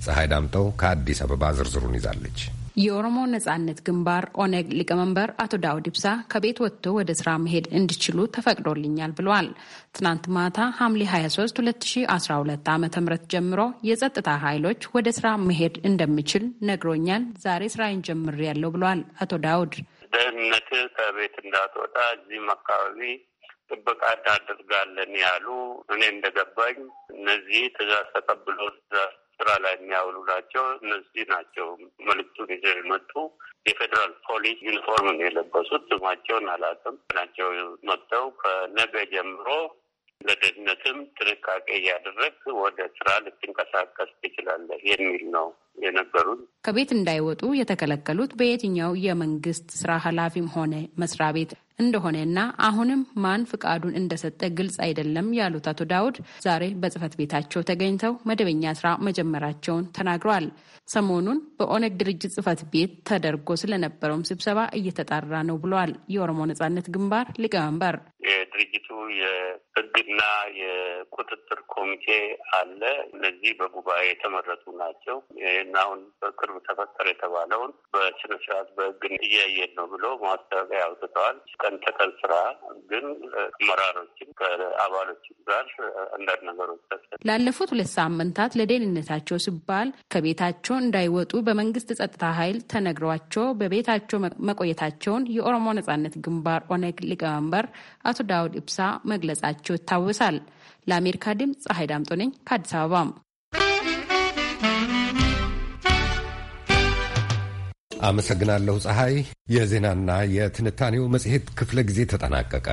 ፀሐይ ዳምጠው ከአዲስ አበባ ዝርዝሩን ይዛለች። የኦሮሞ ነጻነት ግንባር ኦነግ ሊቀመንበር አቶ ዳውድ ኢብሳ ከቤት ወጥቶ ወደ ስራ መሄድ እንዲችሉ ተፈቅዶልኛል ብለዋል። ትናንት ማታ ሐምሌ 23 2012 ዓ ም ጀምሮ የጸጥታ ኃይሎች ወደ ስራ መሄድ እንደሚችል ነግሮኛል፣ ዛሬ ስራዬን ጀምሬያለሁ ብለዋል አቶ ዳውድ ደህንነት ከቤት እንዳትወጣ እዚህም አካባቢ ጥበቃ እናደርጋለን ያሉ እኔ እንደገባኝ እነዚህ ትእዛዝ ተቀብሎ ስራ ላይ የሚያውሉ ናቸው። እነዚህ ናቸው መልዕክቱን ይዘው የመጡ የፌዴራል ፖሊስ ዩኒፎርም የለበሱት። ስማቸውን አላውቅም ናቸው መጥተው ከነገ ጀምሮ ለደህንነትም ጥንቃቄ እያደረግ ወደ ስራ ልትንቀሳቀስ ትችላለህ የሚል ነው የነበሩት። ከቤት እንዳይወጡ የተከለከሉት በየትኛው የመንግስት ስራ ኃላፊም ሆነ መስሪያ ቤት እንደሆነና አሁንም ማን ፍቃዱን እንደሰጠ ግልጽ አይደለም ያሉት አቶ ዳውድ ዛሬ በጽህፈት ቤታቸው ተገኝተው መደበኛ ስራ መጀመራቸውን ተናግረዋል። ሰሞኑን በኦነግ ድርጅት ጽህፈት ቤት ተደርጎ ስለነበረውም ስብሰባ እየተጣራ ነው ብለዋል። የኦሮሞ ነጻነት ግንባር ሊቀመንበር የድርጅቱ የህግና የቁጥጥር ኮሚቴ አለ። እነዚህ በጉባኤ የተመረጡ ናቸው። ይህን አሁን በቅርብ ተፈጠረ የተባለውን በስነስርዓት በህግ እያየን ነው ብሎ ማስታወቂያ አውጥተዋል። ቀን ተቀን ስራ ግን አመራሮችም ከአባሎችም ጋር አንዳንድ ነገሮች ላለፉት ሁለት ሳምንታት ለደህንነታቸው ሲባል ከቤታቸው እንዳይወጡ በመንግስት ጸጥታ ኃይል ተነግሯቸው በቤታቸው መቆየታቸውን የኦሮሞ ነጻነት ግንባር ኦነግ ሊቀመንበር አቶ ዳውድ ኢብሳ መግለጻቸው ይታወሳል። ለአሜሪካ ድምፅ ፀሐይ ዳምጦ ነኝ ከአዲስ አበባ። አመሰግናለሁ ፀሐይ። የዜናና የትንታኔው መጽሔት ክፍለ ጊዜ ተጠናቀቀ።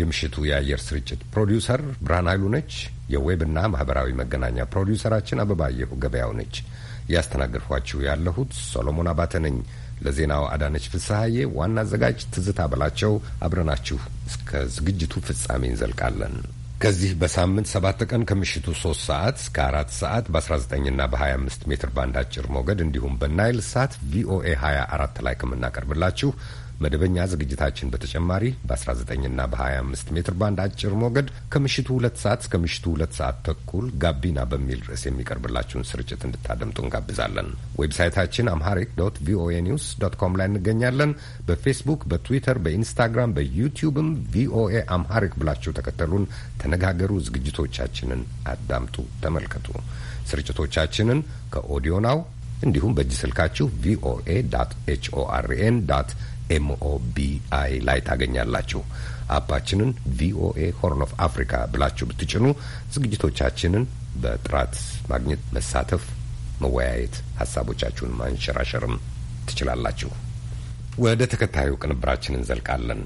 የምሽቱ የአየር ስርጭት ፕሮዲውሰር ብርሃን ኃይሉ ነች። የዌብና ማህበራዊ መገናኛ ፕሮዲውሰራችን አበባየሁ ገበያው ነች። ያስተናገድኋችሁ ያለሁት ሶሎሞን አባተ ነኝ። ለዜናው አዳነች ፍስሐዬ፣ ዋና አዘጋጅ ትዝታ በላቸው። አብረናችሁ እስከ ዝግጅቱ ፍጻሜ እንዘልቃለን። ከዚህ በሳምንት ሰባት ቀን ከምሽቱ ሶስት ሰዓት እስከ አራት ሰዓት በ19 ና በ25 ሜትር ባንድ አጭር ሞገድ እንዲሁም በናይል ሳት ቪኦኤ 24 ላይ ከምናቀርብላችሁ መደበኛ ዝግጅታችን በተጨማሪ በ19ና በ25 ሜትር ባንድ አጭር ሞገድ ከምሽቱ ሁለት ሰዓት እስከ ምሽቱ ሁለት ሰዓት ተኩል ጋቢና በሚል ርዕስ የሚቀርብላችሁን ስርጭት እንድታደምጡ እንጋብዛለን። ዌብሳይታችን አምሃሪክ ዶት ቪኦኤ ኒውስ ዶት ኮም ላይ እንገኛለን። በፌስቡክ፣ በትዊተር፣ በኢንስታግራም፣ በዩቲዩብም ቪኦኤ አምሃሪክ ብላችሁ ተከተሉን፣ ተነጋገሩ፣ ዝግጅቶቻችንን አዳምጡ፣ ተመልከቱ። ስርጭቶቻችንን ከኦዲዮ ናው እንዲሁም በእጅ ስልካችሁ ቪኦኤ ዶት ኤችኦአርኤን ኤምኦቢአይ ላይ ታገኛላችሁ። አፓችንን ቪኦኤ ሆርን ኦፍ አፍሪካ ብላችሁ ብትጭኑ ዝግጅቶቻችንን በጥራት ማግኘት፣ መሳተፍ፣ መወያየት፣ ሀሳቦቻችሁን ማንሸራሸርም ትችላላችሁ። ወደ ተከታዩ ቅንብራችን እንዘልቃለን።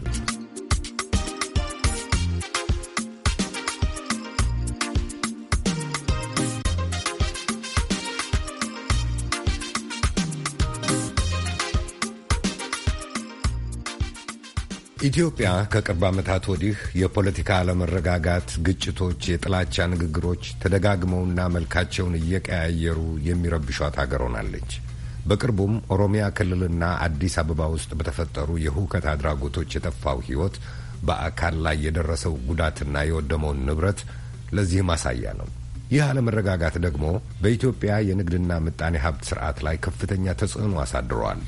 ኢትዮጵያ ከቅርብ ዓመታት ወዲህ የፖለቲካ አለመረጋጋት፣ ግጭቶች፣ የጥላቻ ንግግሮች ተደጋግመውና መልካቸውን እየቀያየሩ የሚረብሿት ሀገር ሆናለች። በቅርቡም ኦሮሚያ ክልልና አዲስ አበባ ውስጥ በተፈጠሩ የሁከት አድራጎቶች የጠፋው ሕይወት፣ በአካል ላይ የደረሰው ጉዳትና የወደመውን ንብረት ለዚህ ማሳያ ነው። ይህ አለመረጋጋት ደግሞ በኢትዮጵያ የንግድና ምጣኔ ሀብት ስርዓት ላይ ከፍተኛ ተጽዕኖ አሳድረዋል።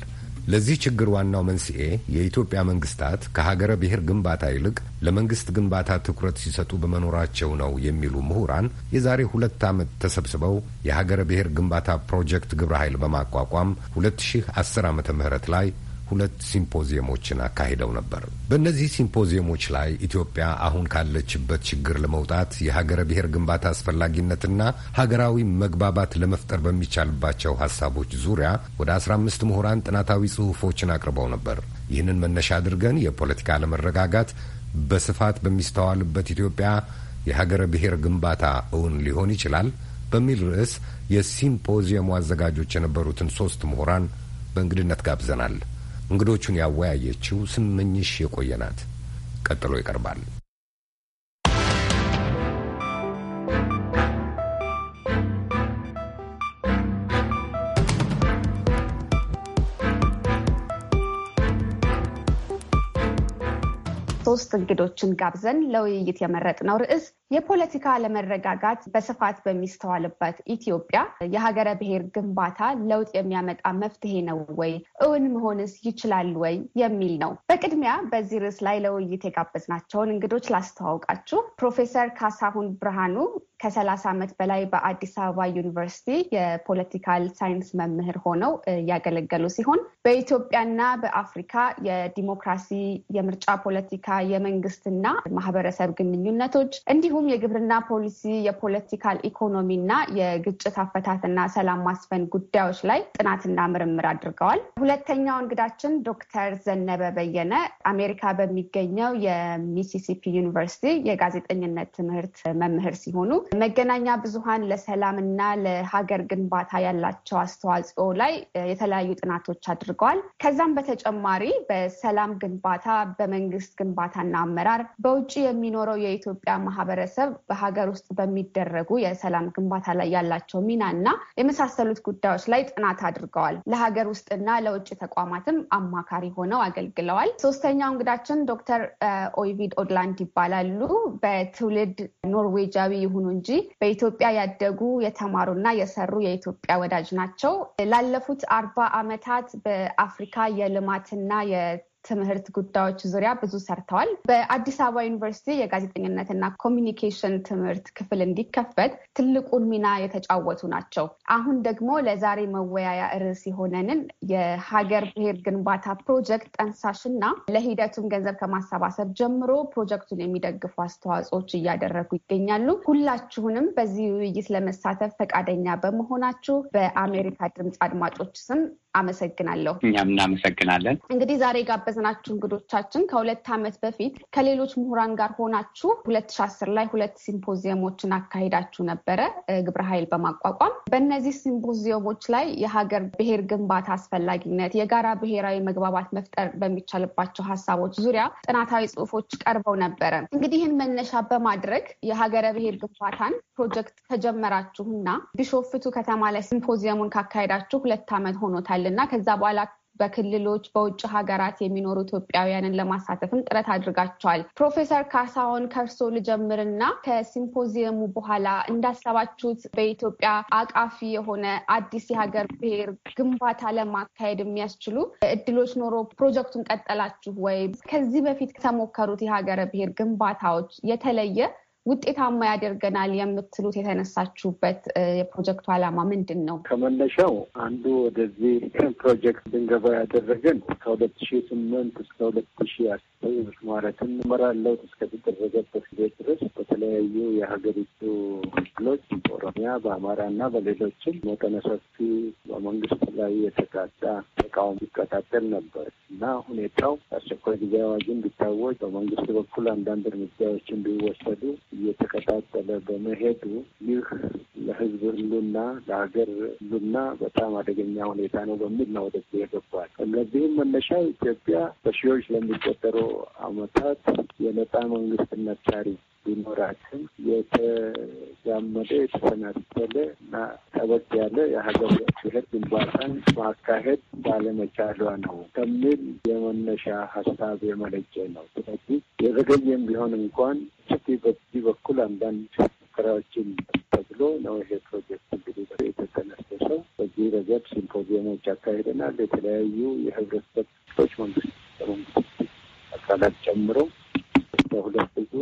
ለዚህ ችግር ዋናው መንስኤ የኢትዮጵያ መንግስታት ከሀገረ ብሔር ግንባታ ይልቅ ለመንግስት ግንባታ ትኩረት ሲሰጡ በመኖራቸው ነው የሚሉ ምሁራን የዛሬ ሁለት ዓመት ተሰብስበው የሀገረ ብሔር ግንባታ ፕሮጀክት ግብረ ኃይል በማቋቋም 2010 ዓ ም ላይ ሁለት ሲምፖዚየሞችን አካሂደው ነበር። በእነዚህ ሲምፖዚየሞች ላይ ኢትዮጵያ አሁን ካለችበት ችግር ለመውጣት የሀገረ ብሔር ግንባታ አስፈላጊነትና ሀገራዊ መግባባት ለመፍጠር በሚቻልባቸው ሀሳቦች ዙሪያ ወደ አስራ አምስት ምሁራን ጥናታዊ ጽሁፎችን አቅርበው ነበር። ይህንን መነሻ አድርገን የፖለቲካ አለመረጋጋት በስፋት በሚስተዋልበት ኢትዮጵያ የሀገረ ብሔር ግንባታ እውን ሊሆን ይችላል በሚል ርዕስ የሲምፖዚየሙ አዘጋጆች የነበሩትን ሶስት ምሁራን በእንግድነት ጋብዘናል። እንግዶቹን ያወያየችው ስመኝሽ የቆየናት ቀጥሎ ይቀርባል። ሶስት እንግዶችን ጋብዘን ለውይይት የመረጥነው ርዕስ የፖለቲካ አለመረጋጋት በስፋት በሚስተዋልበት ኢትዮጵያ የሀገረ ብሔር ግንባታ ለውጥ የሚያመጣ መፍትሄ ነው ወይ? እውን መሆንስ ይችላል ወይ? የሚል ነው። በቅድሚያ በዚህ ርዕስ ላይ ለውይይት የጋበዝናቸውን እንግዶች ላስተዋውቃችሁ። ፕሮፌሰር ካሳሁን ብርሃኑ ከሰላሳ ዓመት በላይ በአዲስ አበባ ዩኒቨርሲቲ የፖለቲካል ሳይንስ መምህር ሆነው እያገለገሉ ሲሆን በኢትዮጵያና በአፍሪካ የዲሞክራሲ፣ የምርጫ ፖለቲካ፣ የመንግስትና ማህበረሰብ ግንኙነቶች እንዲሁም እንዲሁም የግብርና ፖሊሲ፣ የፖለቲካል ኢኮኖሚና የግጭት አፈታትና ሰላም ማስፈን ጉዳዮች ላይ ጥናትና ምርምር አድርገዋል። ሁለተኛው እንግዳችን ዶክተር ዘነበ በየነ አሜሪካ በሚገኘው የሚሲሲፒ ዩኒቨርሲቲ የጋዜጠኝነት ትምህርት መምህር ሲሆኑ መገናኛ ለሰላም ለሰላምና ለሀገር ግንባታ ያላቸው አስተዋጽኦ ላይ የተለያዩ ጥናቶች አድርገዋል። ከዛም በተጨማሪ በሰላም ግንባታ፣ በመንግስት ግንባታና አመራር፣ በውጭ የሚኖረው የኢትዮጵያ ማህበረሰብ ማህበረሰብ በሀገር ውስጥ በሚደረጉ የሰላም ግንባታ ላይ ያላቸው ሚና እና የመሳሰሉት ጉዳዮች ላይ ጥናት አድርገዋል። ለሀገር ውስጥና ለውጭ ተቋማትም አማካሪ ሆነው አገልግለዋል። ሶስተኛው እንግዳችን ዶክተር ኦይቪድ ኦድላንድ ይባላሉ። በትውልድ ኖርዌጃዊ ይሁኑ እንጂ በኢትዮጵያ ያደጉ የተማሩና የሰሩ የኢትዮጵያ ወዳጅ ናቸው። ላለፉት አርባ ዓመታት በአፍሪካ የልማትና ትምህርት ጉዳዮች ዙሪያ ብዙ ሰርተዋል። በአዲስ አበባ ዩኒቨርሲቲ የጋዜጠኝነትና ኮሚኒኬሽን ትምህርት ክፍል እንዲከፈት ትልቁን ሚና የተጫወቱ ናቸው። አሁን ደግሞ ለዛሬ መወያያ ርዕስ የሆነንን የሀገር ብሔር ግንባታ ፕሮጀክት ጠንሳሽና ለሂደቱም ገንዘብ ከማሰባሰብ ጀምሮ ፕሮጀክቱን የሚደግፉ አስተዋጽኦች እያደረጉ ይገኛሉ። ሁላችሁንም በዚህ ውይይት ለመሳተፍ ፈቃደኛ በመሆናችሁ በአሜሪካ ድምፅ አድማጮች ስም አመሰግናለሁ። እኛም እናመሰግናለን። እንግዲህ ዛሬ የጋበዝናችሁ እንግዶቻችን ከሁለት ዓመት በፊት ከሌሎች ምሁራን ጋር ሆናችሁ ሁለት ሺ አስር ላይ ሁለት ሲምፖዚየሞችን አካሂዳችሁ ነበረ ግብረ ኃይል በማቋቋም በእነዚህ ሲምፖዚየሞች ላይ የሀገር ብሔር ግንባታ አስፈላጊነት፣ የጋራ ብሔራዊ መግባባት መፍጠር በሚቻልባቸው ሀሳቦች ዙሪያ ጥናታዊ ጽሁፎች ቀርበው ነበረ። እንግዲህ ይህን መነሻ በማድረግ የሀገረ ብሔር ግንባታን ፕሮጀክት ከጀመራችሁና ቢሾፍቱ ከተማ ላይ ሲምፖዚየሙን ካካሄዳችሁ ሁለት ዓመት ሆኖታል። ይገኛል እና ከዛ በኋላ በክልሎች በውጭ ሀገራት የሚኖሩ ኢትዮጵያውያንን ለማሳተፍም ጥረት አድርጋቸዋል። ፕሮፌሰር ካሳሁን ከእርሶ ልጀምርና ከሲምፖዚየሙ በኋላ እንዳሰባችሁት በኢትዮጵያ አቃፊ የሆነ አዲስ የሀገር ብሔር ግንባታ ለማካሄድ የሚያስችሉ እድሎች ኖሮ ፕሮጀክቱን ቀጠላችሁ ወይ? ከዚህ በፊት ከተሞከሩት የሀገረ ብሔር ግንባታዎች የተለየ ውጤታማ ያደርገናል የምትሉት የተነሳችሁበት የፕሮጀክቱ ዓላማ ምንድን ነው? ከመነሻው አንዱ ወደዚህ ፕሮጀክት ድንገባ ያደረገን ከሁለት ሺ ስምንት እስከ ሁለት ሺ አስር ማለትም ምርመራ ለውጥ እስከተደረገበት ጊዜ ድረስ በተለያዩ የሀገሪቱ ክፍሎች በኦሮሚያ፣ በአማራ እና በሌሎችም መጠነ ሰፊ በመንግስት ላይ የተቃጣ ተቃውሞ ይቀጣጠል ነበር እና ሁኔታው አስቸኳይ ጊዜ አዋጅ እንዲታወጅ በመንግስት በኩል አንዳንድ እርምጃዎች እንዲወሰዱ እየተቀጣጠለ በመሄዱ ይህ ለህዝብ ህሉና ለሀገር ህሉና በጣም አደገኛ ሁኔታ ነው በሚል ነው ወደዚህ የገባል። እነዚህም መነሻ ኢትዮጵያ በሺዎች ለሚቆጠሩ አመታት የነጻ መንግስትነት ታሪክ ቢኖራችን የተዛመደ የተሰናተለ እና ጠበቅ ያለ የሀገር ብሔር ግንባታን ማካሄድ ባለመቻሏ ነው ከሚል የመነሻ ሀሳብ የመለጨ ነው። ስለዚህ የዘገየም ቢሆን እንኳን ስቲ በዚህ በኩል አንዳንድ ስራዎችን ተብሎ ነው ይሄ ፕሮጀክት እንግዲህ የተጠነሰሰው። በዚህ ረገድ ሲምፖዚየሞች አካሄደናል። የተለያዩ የህብረተሰብ ክፍሎች መንግስት አካላት ጨምሮ በሁለት ብዙ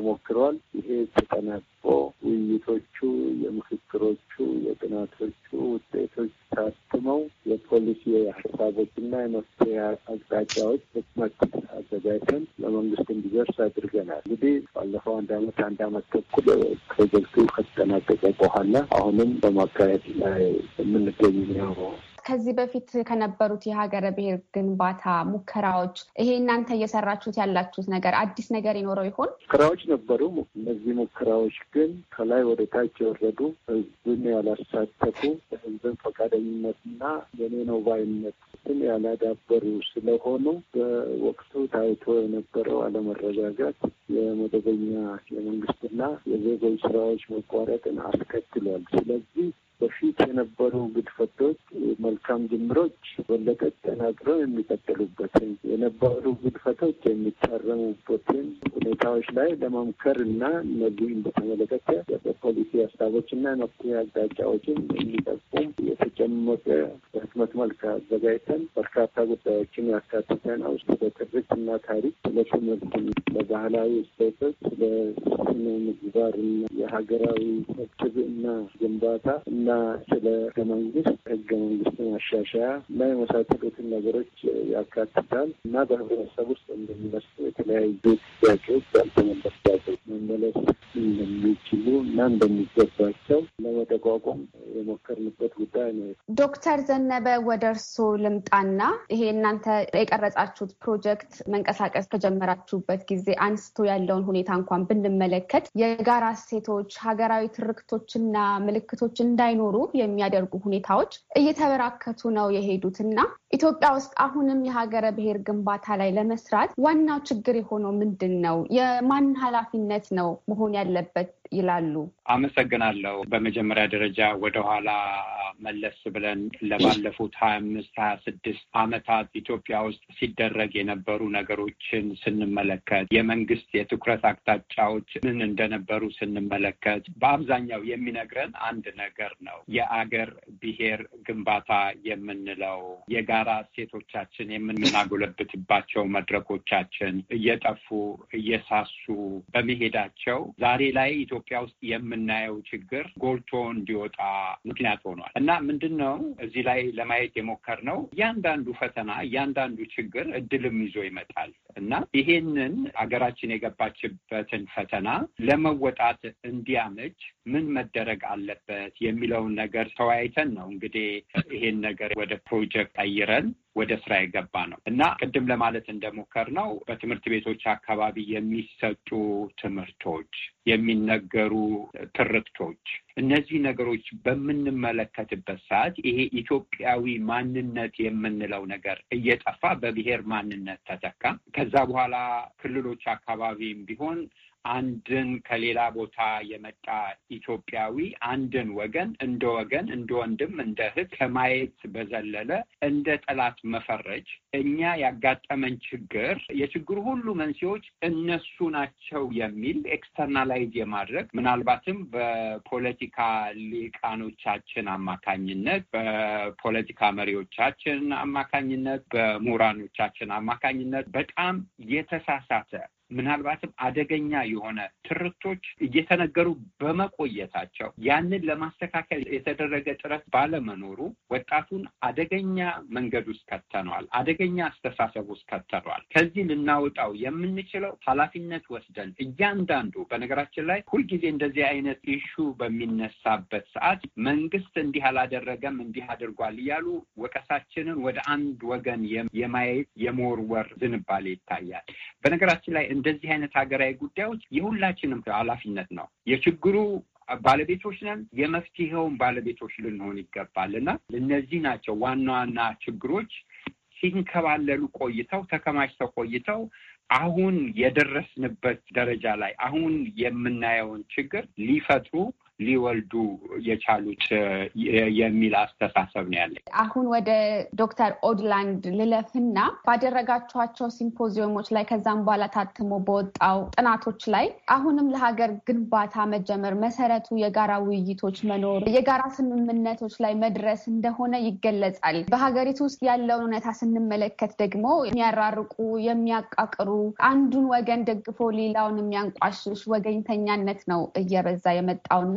ተሞክሯል። ይሄ ተጠናቆ ውይይቶቹ፣ የምክክሮቹ፣ የጥናቶቹ ውጤቶች ታትመው የፖሊሲ ሀሳቦችና የመፍትሄ አቅጣጫዎች ህትመት አዘጋጅተን ለመንግስት እንዲደርስ አድርገናል። እንግዲህ ባለፈው አንድ አመት አንድ አመት ተኩል ፕሮጀክቱ ከተጠናቀቀ በኋላ አሁንም በማካሄድ ላይ የምንገኝ ነው። ከዚህ በፊት ከነበሩት የሀገረ ብሔር ግንባታ ሙከራዎች ይሄ እናንተ እየሰራችሁት ያላችሁት ነገር አዲስ ነገር ይኖረው ይሆን? ሙከራዎች ነበሩ። እነዚህ ሙከራዎች ግን ከላይ ወደ ታች የወረዱ ህዝብን ያላሳተፉ ህዝብን ፈቃደኝነትና የኔ ነው ባይነትን ያላዳበሩ ስለሆኑ በወቅቱ ታይቶ የነበረው አለመረጋጋት የመደበኛ የመንግስትና የዜጎች ስራዎች መቋረጥን አስከትሏል። ስለዚህ በፊት የነበሩ ግድፈቶች፣ መልካም ጅምሮች በለጠ ተጠናክረው የሚቀጥሉበትን የነበሩ ግድፈቶች የሚታረሙበትን ሁኔታዎች ላይ ለመምከር እና እነዚህም በተመለከተ በፖሊሲ ሀሳቦች እና መፍትሄ አቅጣጫዎችን የሚጠቁም የተጨመቀ በህትመት መልክ አዘጋጅተን በርካታ ጉዳዮችን ያካተተ ነው። ስለ ትርክት እና ታሪክ፣ ስለ ትምህርት፣ ለባህላዊ ስቶቶች፣ ለስነ ምግባር እና የሀገራዊ ትብዕና ግንባታ እና እና ስለ ህገ መንግስት ህገ መንግስት ማሻሻያ እና የመሳሰሉትን ነገሮች ያካትታል እና በህብረተሰብ ውስጥ እንደሚመስሉ የተለያዩ ጥያቄዎች ያልተመለሱ መመለስ እንደሚችሉ እና እንደሚገባቸው ለመጠቋቋም የሞከርንበት ጉዳይ ነው። ዶክተር ዘነበ ወደ እርሶ ልምጣና ይሄ እናንተ የቀረጻችሁት ፕሮጀክት መንቀሳቀስ ከጀመራችሁበት ጊዜ አንስቶ ያለውን ሁኔታ እንኳን ብንመለከት የጋራ እሴቶች፣ ሀገራዊ ትርክቶችና ምልክቶች እንዳይኖ እንዳይኖሩ የሚያደርጉ ሁኔታዎች እየተበራከቱ ነው የሄዱት እና ኢትዮጵያ ውስጥ አሁንም የሀገረ ብሔር ግንባታ ላይ ለመስራት ዋናው ችግር የሆነው ምንድን ነው? የማን ኃላፊነት ነው መሆን ያለበት ይላሉ። አመሰግናለሁ። በመጀመሪያ ደረጃ ወደኋላ መለስ ብለን ለባለፉት ሀያ አምስት ሀያ ስድስት አመታት ኢትዮጵያ ውስጥ ሲደረግ የነበሩ ነገሮችን ስንመለከት የመንግስት የትኩረት አቅጣጫዎች ምን እንደነበሩ ስንመለከት በአብዛኛው የሚነግረን አንድ ነገር ነው። የአገር ብሔር ግንባታ የምንለው የጋራ እሴቶቻችን የምናጎለብትባቸው መድረኮቻችን እየጠፉ እየሳሱ በመሄዳቸው ዛሬ ላይ ኢትዮጵያ ውስጥ የምናየው ችግር ጎልቶ እንዲወጣ ምክንያት ሆኗል እና ምንድን ነው እዚህ ላይ ለማየት የሞከርነው እያንዳንዱ ፈተና እያንዳንዱ ችግር እድልም ይዞ ይመጣል እና ይሄንን አገራችን የገባችበትን ፈተና ለመወጣት እንዲያመች ምን መደረግ አለበት የሚለውን ነገር ተወያይተን ነው እንግዲህ ይሄን ነገር ወደ ፕሮጀክት አይረን ወደ ስራ የገባ ነው እና ቅድም ለማለት እንደሞከር ነው በትምህርት ቤቶች አካባቢ የሚሰጡ ትምህርቶች፣ የሚነገሩ ትርክቶች፣ እነዚህ ነገሮች በምንመለከትበት ሰዓት ይሄ ኢትዮጵያዊ ማንነት የምንለው ነገር እየጠፋ በብሔር ማንነት ተተካ። ከዛ በኋላ ክልሎች አካባቢም ቢሆን አንድን ከሌላ ቦታ የመጣ ኢትዮጵያዊ አንድን ወገን እንደ ወገን፣ እንደ ወንድም፣ እንደ እህት ከማየት በዘለለ እንደ ጠላት መፈረጅ እኛ ያጋጠመን ችግር የችግሩ ሁሉ መንስኤዎች እነሱ ናቸው የሚል ኤክስተርናላይዝ የማድረግ ምናልባትም በፖለቲካ ሊቃኖቻችን አማካኝነት፣ በፖለቲካ መሪዎቻችን አማካኝነት፣ በምሁራኖቻችን አማካኝነት በጣም የተሳሳተ ምናልባትም አደገኛ የሆነ ትርክቶች እየተነገሩ በመቆየታቸው ያንን ለማስተካከል የተደረገ ጥረት ባለመኖሩ ወጣቱን አደገኛ መንገድ ውስጥ ከተነዋል። አደገኛ አስተሳሰብ ውስጥ ከተነዋል። ከዚህ ልናወጣው የምንችለው ኃላፊነት ወስደን እያንዳንዱ በነገራችን ላይ ሁልጊዜ እንደዚህ አይነት ኢሹ በሚነሳበት ሰዓት መንግስት እንዲህ አላደረገም እንዲህ አድርጓል እያሉ ወቀሳችንን ወደ አንድ ወገን የማየት የመወርወር ዝንባሌ ይታያል። በነገራችን ላይ እንደዚህ አይነት ሀገራዊ ጉዳዮች የሁላችንም ኃላፊነት ነው። የችግሩ ባለቤቶች ነን፣ የመፍትሄውን ባለቤቶች ልንሆን ይገባል እና እነዚህ ናቸው ዋና ዋና ችግሮች ሲንከባለሉ ቆይተው ተከማችተው ቆይተው አሁን የደረስንበት ደረጃ ላይ አሁን የምናየውን ችግር ሊፈጥሩ ሊወልዱ የቻሉት የሚል አስተሳሰብ ነው ያለኝ። አሁን ወደ ዶክተር ኦድላንድ ልለፍና ባደረጋችኋቸው ሲምፖዚየሞች ላይ ከዛም በኋላ ታትሞ በወጣው ጥናቶች ላይ አሁንም ለሀገር ግንባታ መጀመር መሰረቱ የጋራ ውይይቶች መኖር፣ የጋራ ስምምነቶች ላይ መድረስ እንደሆነ ይገለጻል። በሀገሪቱ ውስጥ ያለውን እውነታ ስንመለከት ደግሞ የሚያራርቁ የሚያቃቅሩ፣ አንዱን ወገን ደግፎ ሌላውን የሚያንቋሽሽ ወገኝተኛነት ነው እየበዛ የመጣውና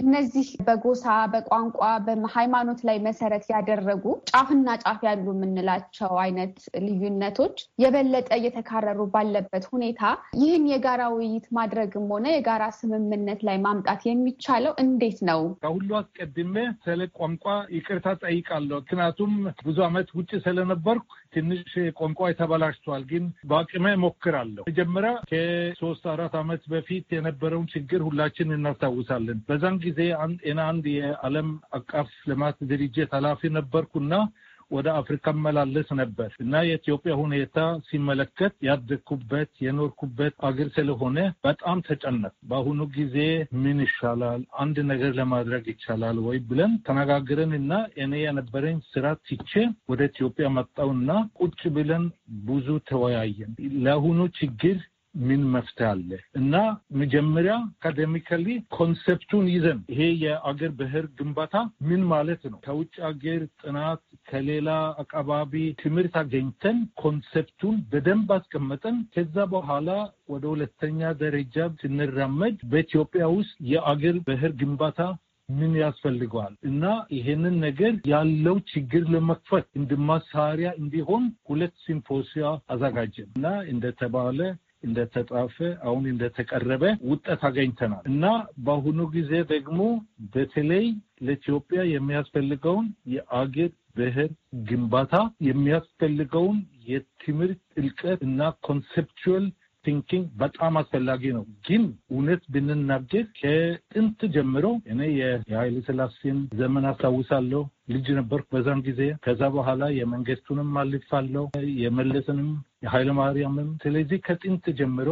እነዚህ በጎሳ በቋንቋ በሃይማኖት ላይ መሰረት ያደረጉ ጫፍና ጫፍ ያሉ የምንላቸው አይነት ልዩነቶች የበለጠ እየተካረሩ ባለበት ሁኔታ ይህን የጋራ ውይይት ማድረግም ሆነ የጋራ ስምምነት ላይ ማምጣት የሚቻለው እንዴት ነው? ከሁሉ አስቀድሜ ስለ ቋንቋ ይቅርታ ጠይቃለሁ። ምክንያቱም ብዙ ዓመት ውጭ ስለነበርኩ ትንሽ ቋንቋ ተበላሽቷል፣ ግን በአቅሜ እሞክራለሁ። መጀመሪያ ከሶስት አራት ዓመት በፊት የነበረውን ችግር ሁላችን እናስታውሳለን። በዛን ጊዜ ና አንድ የዓለም አቀፍ ልማት ድርጅት ኃላፊ ነበርኩና ወደ አፍሪካ መላለስ ነበር እና የኢትዮጵያ ሁኔታ ሲመለከት ያደግኩበት የኖርኩበት አገር ስለሆነ በጣም ተጨነቅ። በአሁኑ ጊዜ ምን ይሻላል፣ አንድ ነገር ለማድረግ ይቻላል ወይ ብለን ተነጋግረን እና እኔ የነበረኝ ስራ ትቼ ወደ ኢትዮጵያ መጣውና ቁጭ ብለን ብዙ ተወያየን። ለአሁኑ ችግር ምን መፍትሄ አለ እና መጀመሪያ አካደሚካሊ ኮንሰፕቱን ይዘን ይሄ የአገር ብሔር ግንባታ ምን ማለት ነው ከውጭ አገር ጥናት ከሌላ አካባቢ ትምህርት አገኝተን ኮንሰፕቱን በደንብ አስቀመጠን ከዛ በኋላ ወደ ሁለተኛ ደረጃ ስንራመድ በኢትዮጵያ ውስጥ የአገር ብሔር ግንባታ ምን ያስፈልገዋል እና ይሄንን ነገር ያለው ችግር ለመክፈት እንደ መሳሪያ እንዲሆን ሁለት ሲምፖሲያ አዘጋጀን እና እንደተባለ እንደተጻፈ አሁን እንደተቀረበ ውጠት አገኝተናል እና በአሁኑ ጊዜ ደግሞ በተለይ ለኢትዮጵያ የሚያስፈልገውን የአገር ብሔር ግንባታ የሚያስፈልገውን የትምህርት ጥልቀት እና ኮንሴፕቹዋል ቲንኪንግ በጣም አስፈላጊ ነው። ግን እውነት ብንናገር ከጥንት ጀምሮ እኔ የኃይለ ሥላሴን ዘመን አስታውሳለሁ። ልጅ ነበርኩ በዛን ጊዜ። ከዛ በኋላ የመንግስቱንም አልፋለሁ፣ የመለስንም፣ የኃይለ ማርያምም። ስለዚህ ከጥንት ጀምሮ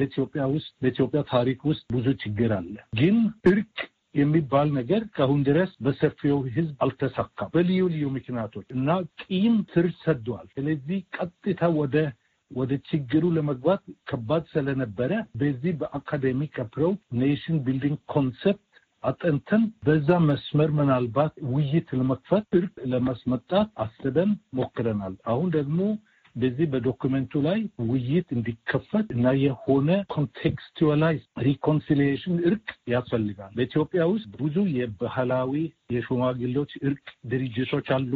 በኢትዮጵያ ውስጥ በኢትዮጵያ ታሪክ ውስጥ ብዙ ችግር አለ። ግን እርቅ የሚባል ነገር ከአሁን ድረስ በሰፊው ህዝብ አልተሳካም በልዩ ልዩ ምክንያቶች እና ቂም ስር ሰደዋል። ስለዚህ ቀጥታ ወደ ወደ ችግሩ ለመግባት ከባድ ስለነበረ በዚህ በአካዴሚክ አፕሮች ኔሽን ቢልዲንግ ኮንሰፕት አጠንተን በዛ መስመር ምናልባት ውይይት ለመክፈት እርቅ ለማስመጣት አስበን ሞክረናል። አሁን ደግሞ በዚህ በዶክመንቱ ላይ ውይይት እንዲከፈት እና የሆነ ኮንቴክስቹዋላይዝ ሪኮንሲሊሽን እርቅ ያስፈልጋል። በኢትዮጵያ ውስጥ ብዙ የባህላዊ የሽማግሌዎች እርቅ ድርጅቶች አሉ።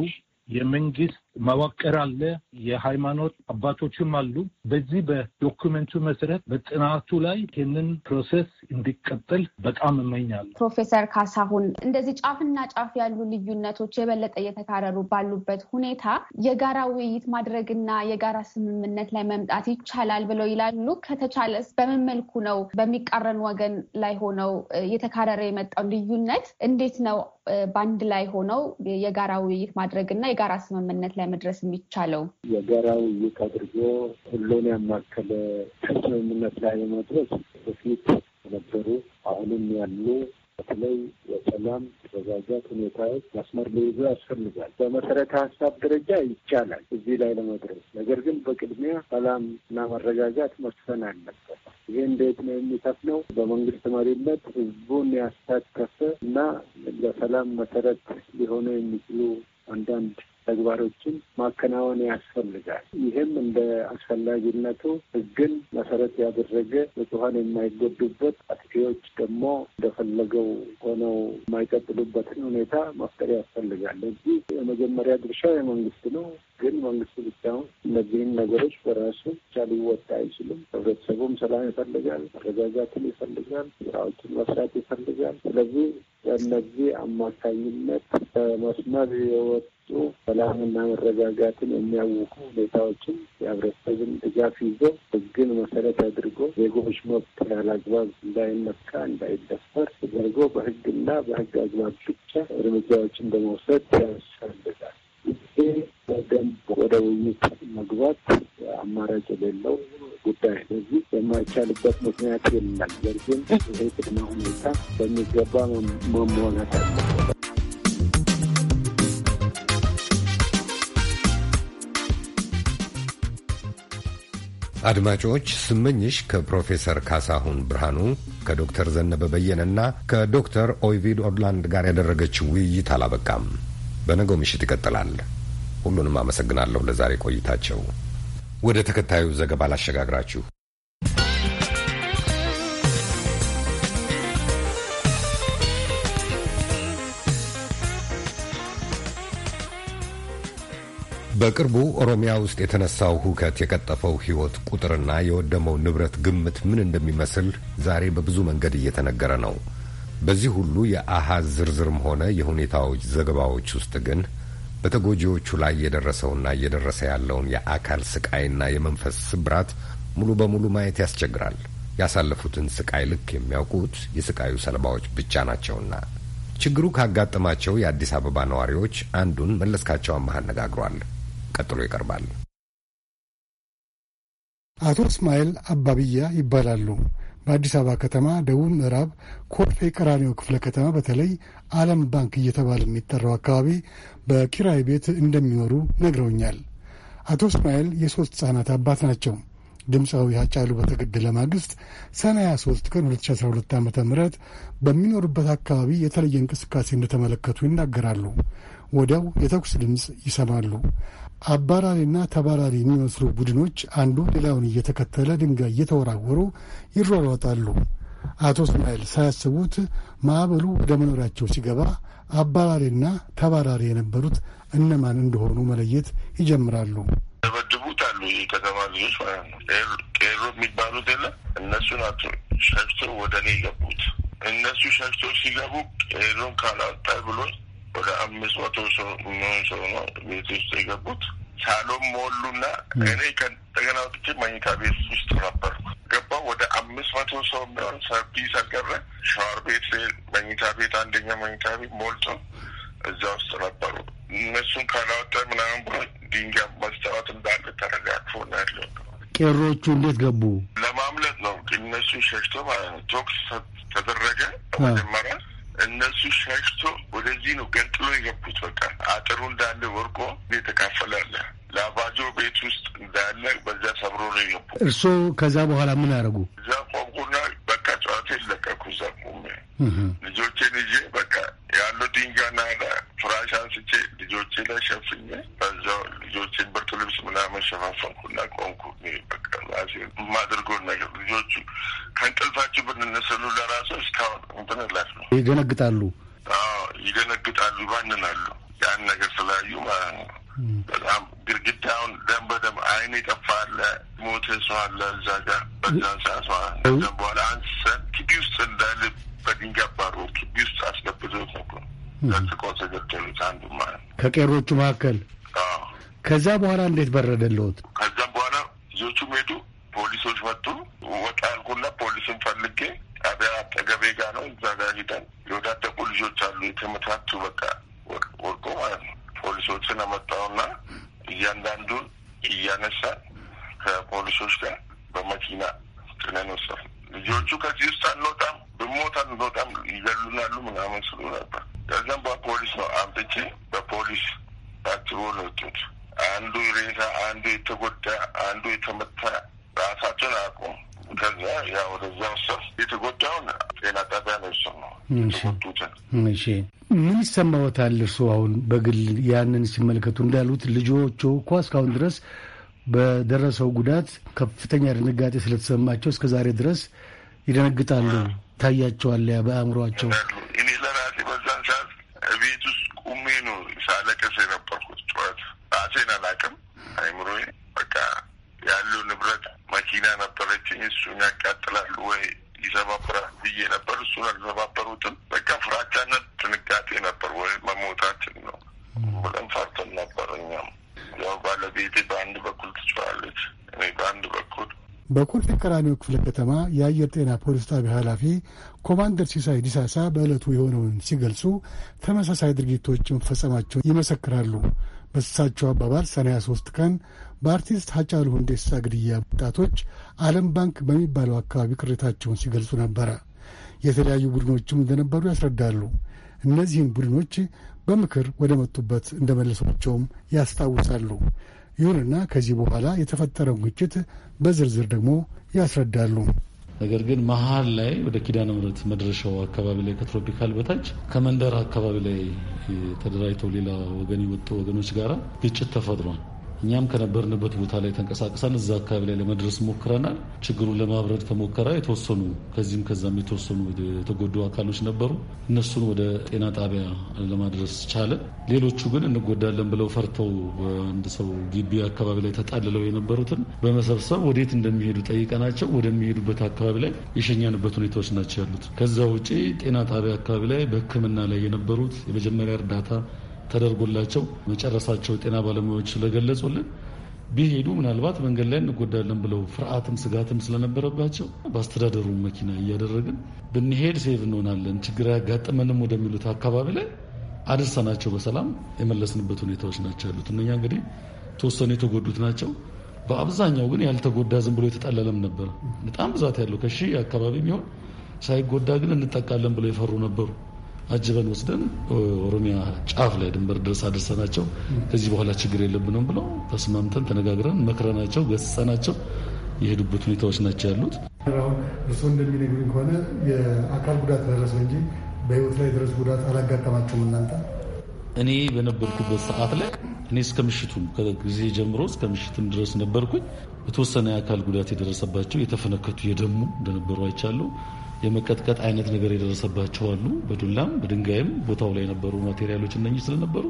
የመንግስት መዋቅር አለ፣ የሃይማኖት አባቶችም አሉ። በዚህ በዶክመንቱ መሰረት በጥናቱ ላይ ይህንን ፕሮሰስ እንዲቀጥል በጣም እመኛለሁ። ፕሮፌሰር ካሳሁን እንደዚህ ጫፍና ጫፍ ያሉ ልዩነቶች የበለጠ እየተካረሩ ባሉበት ሁኔታ የጋራ ውይይት ማድረግና የጋራ ስምምነት ላይ መምጣት ይቻላል ብለው ይላሉ። ከተቻለስ በምን መልኩ ነው በሚቃረን ወገን ላይ ሆነው እየተካረረ የመጣው ልዩነት እንዴት ነው በአንድ ላይ ሆነው የጋራ ውይይት ማድረግና የጋራ ስምምነት ለመድረስ የሚቻለው? የጋራ ውይይት አድርጎ ሁሉን ያማከለ ስምምነት ላይ ለመድረስ በፊት ነበሩ አሁንም ያሉ በተለይ የሰላም መረጋጋት ሁኔታዎች መስመር ሊይዙ ያስፈልጋል። በመሰረተ ሀሳብ ደረጃ ይቻላል እዚህ ላይ ለመድረስ። ነገር ግን በቅድሚያ ሰላም እና መረጋጋት መስፈን አለበት። ይሄ እንዴት ነው የሚሰፍነው? በመንግስት መሪነት ህዝቡን ያሳተፈ እና ለሰላም መሰረት ሊሆኑ የሚችሉ አንዳንድ ተግባሮችን ማከናወን ያስፈልጋል። ይህም እንደ አስፈላጊነቱ ሕግን መሰረት ያደረገ ንጹሐን የማይጎዱበት አጥፊዎች ደግሞ እንደፈለገው ሆነው የማይቀጥሉበትን ሁኔታ መፍጠር ያስፈልጋል። እዚህ የመጀመሪያ ድርሻ የመንግስት ነው። ግን መንግስት ብቻ እነዚህን ነገሮች በራሱ ብቻ ሊወጣ አይችልም። ህብረተሰቡም ሰላም ይፈልጋል፣ መረጋጋትን ይፈልጋል፣ ስራዎችን መስራት ይፈልጋል። ስለዚህ በእነዚህ አማካኝነት በመስመር የወጡ ሰላምና መረጋጋትን የሚያውቁ ሁኔታዎችን የህብረተሰብን ድጋፍ ይዞ ህግን መሰረት አድርጎ ዜጎች መብት ያለ አግባብ እንዳይደፈር ተደርጎ በህግና በህግ አግባብ ብቻ እርምጃዎችን በመውሰድ ያስፈልጋል። በደንብ ወደ ውይይት መግባት አማራጭ የሌለው ጉዳይ። ስለዚህ የማይቻልበት ምክንያት የለም። ነገር ግን ይሄ ቅድመ ሁኔታ በሚገባ መሟላት አለ። አድማጮች ስመኝሽ ከፕሮፌሰር ካሳሁን ብርሃኑ ከዶክተር ዘነበ በየነና ከዶክተር ኦይቪድ ኦድላንድ ጋር ያደረገችው ውይይት አላበቃም። በነገው ምሽት ይቀጥላል። ሁሉንም አመሰግናለሁ ለዛሬ ቆይታቸው። ወደ ተከታዩ ዘገባ ላሸጋግራችሁ። በቅርቡ ኦሮሚያ ውስጥ የተነሳው ሁከት የቀጠፈው ሕይወት ቁጥርና የወደመው ንብረት ግምት ምን እንደሚመስል ዛሬ በብዙ መንገድ እየተነገረ ነው። በዚህ ሁሉ የአሃዝ ዝርዝርም ሆነ የሁኔታዎች ዘገባዎች ውስጥ ግን በተጎጂዎቹ ላይ የደረሰውና እየደረሰ ያለውን የአካል ስቃይና የመንፈስ ስብራት ሙሉ በሙሉ ማየት ያስቸግራል። ያሳለፉትን ስቃይ ልክ የሚያውቁት የስቃዩ ሰለባዎች ብቻ ናቸውና። ችግሩ ካጋጠማቸው የአዲስ አበባ ነዋሪዎች አንዱን መለስካቸው አማህ አነጋግሯል። ቀጥሎ ይቀርባል። አቶ እስማኤል አባብያ ይባላሉ። በአዲስ አበባ ከተማ ደቡብ ምዕራብ ኮርፌ ቀራኒዮ ክፍለ ከተማ በተለይ ዓለም ባንክ እየተባለ የሚጠራው አካባቢ በኪራይ ቤት እንደሚኖሩ ነግረውኛል። አቶ እስማኤል የሶስት ህጻናት አባት ናቸው። ድምፃዊ ሀጫሉ በተገደለ ማግስት ሰኔ 23 ቀን 2012 ዓ ም በሚኖሩበት አካባቢ የተለየ እንቅስቃሴ እንደተመለከቱ ይናገራሉ። ወዲያው የተኩስ ድምፅ ይሰማሉ። አባራሪና ተባራሪ የሚመስሉ ቡድኖች አንዱ ሌላውን እየተከተለ ድንጋይ እየተወራወሩ ይሯሯጣሉ። አቶ እስማኤል ሳያስቡት ማዕበሉ ወደ መኖሪያቸው ሲገባ አባራሪና ተባራሪ የነበሩት እነማን እንደሆኑ መለየት ይጀምራሉ። ደበድቡት አሉ። የከተማ ልጆች ማለት ነው። ቄሮ የሚባሉት የለ እነሱ ናቸው ሸፍቶ ወደ እኔ የገቡት። እነሱ ሸፍቶ ሲገቡ ቄሮን ካላወጣ ብሎኝ ወደ አምስት መቶ ሰው የሚሆን ሰው ነው ቤት ውስጥ የገቡት። ሳሎም ሞሉና እኔ ከእንደገና ወጥቼ መኝታ ቤት ውስጥ ነበርኩ። ገባ ወደ አምስት መቶ ሰው የሚሆን ሰርቪስ አልቀረ። ሻወር ቤት፣ መኝታ ቤት፣ አንደኛ መኝታ ቤት ሞልቶ እዛ ውስጥ ነበሩ። እነሱን ካላወጠ ምናምን ብሎ ድንጋይ መስታወት እንዳለ ተረጋግፎ ነው ያለው። ቄሮቹ እንዴት ገቡ? ለማምለጥ ነው እነሱ ሸሽቶ ማለት ነው። ቶክስ ተደረገ መጀመሪያ እነሱ ሸሽቶ ወደዚህ ነው ገንጥሎ የገቡት። በቃ አጥሩ እንዳለ ወርቆ የተካፈለ አለ። ለአባጆ ቤት ውስጥ እንዳለ በዛ ሰብሮ ነው የገቡ። እርስዎ ከዛ በኋላ ምን አደረጉ? እዛ ቆምኩና በቃ ጨዋታ ይለቀቁ ዘቁም ልጆቼን ይዤ በቃ ያለው ድንጋና ፍራሽ አንስቼ ልጆቼ ላይ ሸፍኜ በዛው ልጆቼን ብርድ ልብስ ምናምን ሸፋፈንኩና ቆምኩ። በቃ የማደርገውን ነገር ልጆቹ ከእንቅልፋቸው ብንነሰሉ ለራሱ እስካሁን እንትን እላት ነው ይደነግጣሉ፣ ይደነግጣሉ፣ ይባንናሉ ያን ነገር ስላዩ ማለት ነው። በጣም ግድግዳውን ደም በደም አይን ይጠፋለ ሞት ሰዋለ እዛ ጋር በዛን ሰዓት ማለት ነው። ከዛም በኋላ አንሰን ኪቢ ውስጥ እንዳል በድንጋይ አባሮ ኪቢ ውስጥ አስገብዞት ነበር ዘልቆ ተገደሉት። አንዱ ማለት ነው ከቄሮቹ መካከል። ከዛ በኋላ እንዴት በረደለሁት? ከዛም በኋላ ልጆቹም ሄዱ። ፖሊሶች መጡ። ወጣ ያልኩና ፖሊስን ፈልጌ ጣቢያ አጠገቤ ጋ ነው። እዛ ጋር ሂደን የወዳደቁ ልጆች አሉ የተመታቱ በቃ ወድቆ ማለት ነው ፖሊሶችን አመጣውና እያንዳንዱን እያነሳ ከፖሊሶች ጋር በመኪና ጭነን ወሰድን። ልጆቹ ከዚህ ውስጥ አንወጣም፣ ብሞት አንወጣም፣ ይገሉናሉ ምናምን ስሉ ነበር። ከዚም በፖሊስ ነው አምጥቼ በፖሊስ ታጅቦ ነው አንዱ ሬሳ፣ አንዱ የተጎዳ፣ አንዱ የተመታ ራሳቸውን አያውቁም። ከዚያ ያ የተጎዳውን ጤና ጣቢያ ነው የተጎዱትን። እሺ ምን ይሰማዎታል እርስዎ አሁን በግል ያንን ሲመለከቱ? እንዳሉት ልጆቹ እኮ እስካሁን ድረስ በደረሰው ጉዳት ከፍተኛ ድንጋጤ ስለተሰማቸው እስከ ዛሬ ድረስ ይደነግጣሉ። ታያቸዋለ በአእምሯቸው። እኔ ለራሴ በዛን ሰዓት ውስጥ ቁሜ ነው ሳለቀስ የነበርኩት። ራሴን አላቅም። አይምሮዬ በቃ ያሉ ንብረት መኪና ነበረችኝ። እሱን ያቃጥላሉ ወይ ይሰባብራል ብዬ ነበር። እሱን አልሰባበሩትም። በቃ ፍራቻነት ጥንቃቄ ነበር ወይ መሞታችን ነው ብለን ፈርተን ነበር። እኛም ያው ባለቤቴ በአንድ በኩል ትችላለች፣ እኔ በአንድ በኩል በኮልፌ ቀራኒዮ ክፍለ ከተማ የአየር ጤና ፖሊስ ጣቢያ ኃላፊ ኮማንደር ሲሳይ ዲሳሳ በዕለቱ የሆነውን ሲገልጹ ተመሳሳይ ድርጊቶች መፈጸማቸውን ይመሰክራሉ። በእሳቸው አባባል ሰኔ 23 ቀን በአርቲስት ሀጫሉ ሁንዴሳ ግድያ ወጣቶች ዓለም ባንክ በሚባለው አካባቢ ቅሬታቸውን ሲገልጹ ነበረ። የተለያዩ ቡድኖችም እንደነበሩ ያስረዳሉ። እነዚህን ቡድኖች በምክር ወደ መጡበት እንደመለሷቸውም ያስታውሳሉ። ይሁንና ከዚህ በኋላ የተፈጠረውን ግጭት በዝርዝር ደግሞ ያስረዳሉ። ነገር ግን መሀል ላይ ወደ ኪዳነ ምሕረት መድረሻው አካባቢ ላይ ከትሮፒካል በታች ከመንደር አካባቢ ላይ ተደራጅተው ሌላ ወገን የወጡ ወገኖች ጋራ ግጭት ተፈጥሯል። እኛም ከነበርንበት ቦታ ላይ ተንቀሳቅሰን እዛ አካባቢ ላይ ለመድረስ ሞክረናል። ችግሩን ለማብረድ ተሞከረ። የተወሰኑ ከዚህም ከዛም የተወሰኑ የተጎዱ አካሎች ነበሩ። እነሱን ወደ ጤና ጣቢያ ለማድረስ ቻለ። ሌሎቹ ግን እንጎዳለን ብለው ፈርተው በአንድ ሰው ግቢ አካባቢ ላይ ተጣልለው የነበሩትን በመሰብሰብ ወዴት እንደሚሄዱ ጠይቀናቸው ወደሚሄዱበት አካባቢ ላይ የሸኛንበት ሁኔታዎች ናቸው ያሉት። ከዛ ውጪ ጤና ጣቢያ አካባቢ ላይ በሕክምና ላይ የነበሩት የመጀመሪያ እርዳታ ተደርጎላቸው መጨረሳቸው ጤና ባለሙያዎች ስለገለጹልን ቢሄዱ ምናልባት መንገድ ላይ እንጎዳለን ብለው ፍርሃትም ስጋትም ስለነበረባቸው በአስተዳደሩ መኪና እያደረግን ብንሄድ ሴቭ እንሆናለን፣ ችግር አያጋጥመንም ወደሚሉት አካባቢ ላይ አድርሰናቸው በሰላም የመለስንበት ሁኔታዎች ናቸው ያሉት። እነኛ እንግዲህ ተወሰኑ የተጎዱት ናቸው። በአብዛኛው ግን ያልተጎዳ ዝም ብሎ የተጠለለም ነበር። በጣም ብዛት ያለው ከሺህ አካባቢ ቢሆን ሳይጎዳ ግን እንጠቃለን ብለው የፈሩ ነበሩ። አጅበን ወስደን ኦሮሚያ ጫፍ ላይ ድንበር ድረስ አድርሰናቸው ከዚህ በኋላ ችግር የለብንም ብለው ተስማምተን ተነጋግረን መክረናቸው ገስጸናቸው የሄዱበት ሁኔታዎች ናቸው ያሉት። አሁን እርስዎ እንደሚነግሩኝ ከሆነ የአካል ጉዳት ደረሰ እንጂ በህይወት ላይ የደረሰ ጉዳት አላጋጠማቸውም እናንተ? እኔ በነበርኩበት ሰዓት ላይ እኔ እስከ ምሽቱም ከጊዜ ጀምሮ እስከ ምሽትም ድረስ ነበርኩኝ። የተወሰነ የአካል ጉዳት የደረሰባቸው የተፈነከቱ የደሙ እንደነበሩ አይቻለሁ። የመቀጥቀጥ አይነት ነገር የደረሰባቸው አሉ። በዱላም በድንጋይም ቦታው ላይ የነበሩ ማቴሪያሎች እነኚህ ስለነበሩ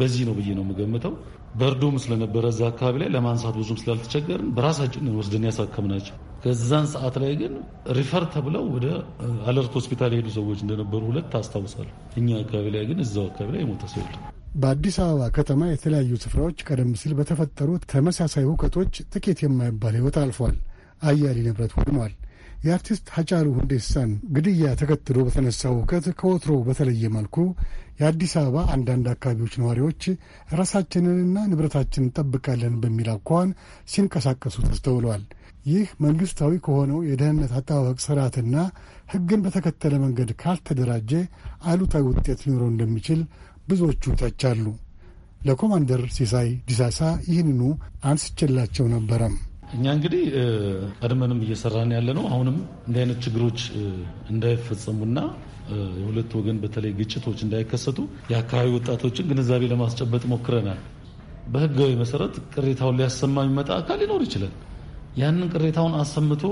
በዚህ ነው ብዬ ነው የምገምተው። በርዶም ስለነበረ እዛ አካባቢ ላይ ለማንሳት ብዙም ስላልተቸገርን በራሳችን ወስደን ያሳከምናቸው። ከዛን ሰዓት ላይ ግን ሪፈር ተብለው ወደ አለርት ሆስፒታል የሄዱ ሰዎች እንደነበሩ ሁለት አስታውሳለሁ። እኛ አካባቢ ላይ ግን እዛው አካባቢ ላይ የሞተ ሰው የለም። በአዲስ አበባ ከተማ የተለያዩ ስፍራዎች ቀደም ሲል በተፈጠሩ ተመሳሳይ ሁከቶች ጥቂት የማይባል ህይወት አልፏል። አያሌ ንብረት ወድሟል። የአርቲስት ሀጫሉ ሁንዴሳን ግድያ ተከትሎ በተነሳው ሁከት ከወትሮ በተለየ መልኩ የአዲስ አበባ አንዳንድ አካባቢዎች ነዋሪዎች ራሳችንንና ንብረታችንን እንጠብቃለን በሚል አኳኋን ሲንቀሳቀሱ ተስተውለዋል። ይህ መንግስታዊ ከሆነው የደህንነት አጠባበቅ ስርዓትና ሕግን በተከተለ መንገድ ካልተደራጀ አሉታዊ ውጤት ሊኖረው እንደሚችል ብዙዎቹ ይተቻሉ። ለኮማንደር ሲሳይ ዲሳሳ ይህንኑ አንስቼላቸው ነበረም። እኛ እንግዲህ ቀድመንም እየሰራን ያለ ነው። አሁንም እንዲህ አይነት ችግሮች እንዳይፈጸሙና የሁለት ወገን በተለይ ግጭቶች እንዳይከሰቱ የአካባቢ ወጣቶችን ግንዛቤ ለማስጨበጥ ሞክረናል። በህጋዊ መሰረት ቅሬታውን ሊያሰማ የሚመጣ አካል ሊኖር ይችላል። ያንን ቅሬታውን አሰምቶ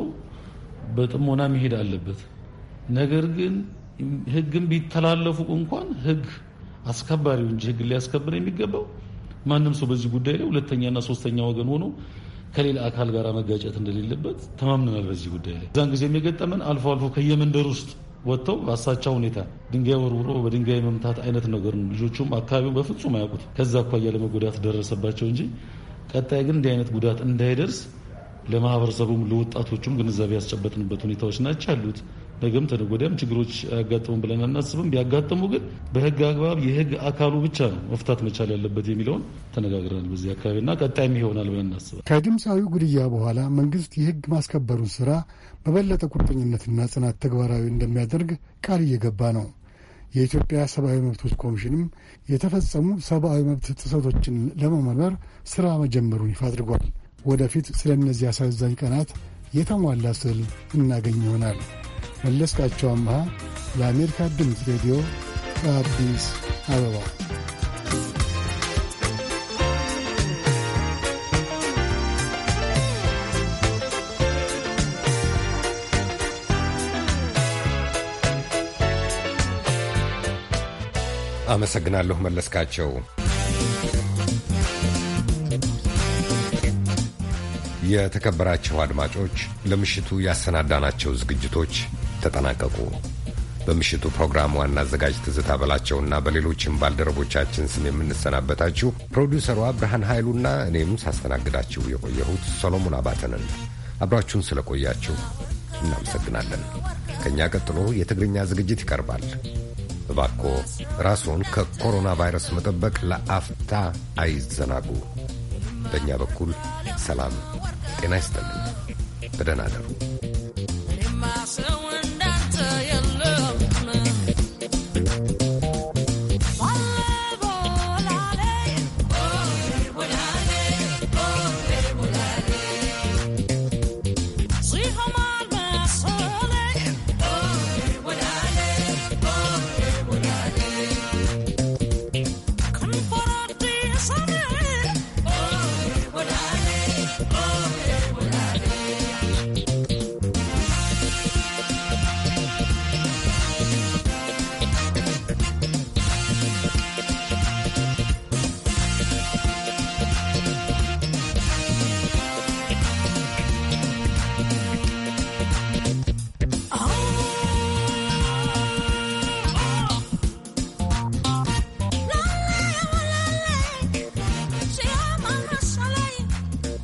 በጥሞና መሄድ አለበት። ነገር ግን ህግን ቢተላለፉ እንኳን ህግ አስከባሪው እንጂ ህግ ሊያስከብር የሚገባው ማንም ሰው በዚህ ጉዳይ ላይ ሁለተኛና ሶስተኛ ወገን ሆኖ ከሌላ አካል ጋር መጋጨት እንደሌለበት ተማምነናል። በዚህ ጉዳይ ላይ እዛን ጊዜ የሚገጠመን አልፎ አልፎ ከየመንደር ውስጥ ወጥተው በአሳቻ ሁኔታ ድንጋይ ወርውሮ በድንጋይ መምታት አይነት ነገር ነው። ልጆቹም አካባቢው በፍጹም አያውቁት። ከዛ አኳያ ለመጎዳት ደረሰባቸው እንጂ ቀጣይ ግን እንዲህ አይነት ጉዳት እንዳይደርስ ለማህበረሰቡም ለወጣቶቹም ግንዛቤ ያስጨበጥንበት ሁኔታዎች ናቸው ያሉት። ነገም ተደጎዳም ችግሮች አያጋጥሙም ብለን አናስብም። ቢያጋጥሙ ግን በህግ አግባብ የህግ አካሉ ብቻ ነው መፍታት መቻል ያለበት የሚለውን ተነጋግረናል በዚህ አካባቢና ቀጣይም ይሆናል ብለን እናስባል። ከድምፃዊው ግድያ በኋላ መንግስት የህግ ማስከበሩን ስራ በበለጠ ቁርጠኝነትና ጽናት ተግባራዊ እንደሚያደርግ ቃል እየገባ ነው። የኢትዮጵያ ሰብአዊ መብቶች ኮሚሽንም የተፈጸሙ ሰብአዊ መብት ጥሰቶችን ለመመርመር ስራ መጀመሩን ይፋ አድርጓል። ወደፊት ስለ እነዚህ አሳዛኝ ቀናት የተሟላ ስዕል እናገኝ ይሆናል። መለስካቸው አምሃ ለአሜሪካ ድምፅ ሬዲዮ ከአዲስ አበባ። አመሰግናለሁ መለስካቸው። የተከበራችሁ አድማጮች ለምሽቱ ያሰናዳናቸው ዝግጅቶች ተጠናቀቁ። በምሽቱ ፕሮግራም ዋና አዘጋጅ ትዝታ በላቸውና በሌሎችም ባልደረቦቻችን ስም የምንሰናበታችሁ ፕሮዲውሰሯ ብርሃን ኃይሉና እኔም ሳስተናግዳችሁ የቆየሁት ሰሎሞን አባተንን አብራችሁን ስለቆያችሁ እናመሰግናለን። ከእኛ ቀጥሎ የትግርኛ ዝግጅት ይቀርባል። እባኮ ራስዎን ከኮሮና ቫይረስ መጠበቅ ለአፍታ አይዘናጉ። በእኛ በኩል ሰላም ጤና ይስጠልን። በደህና አደሩ።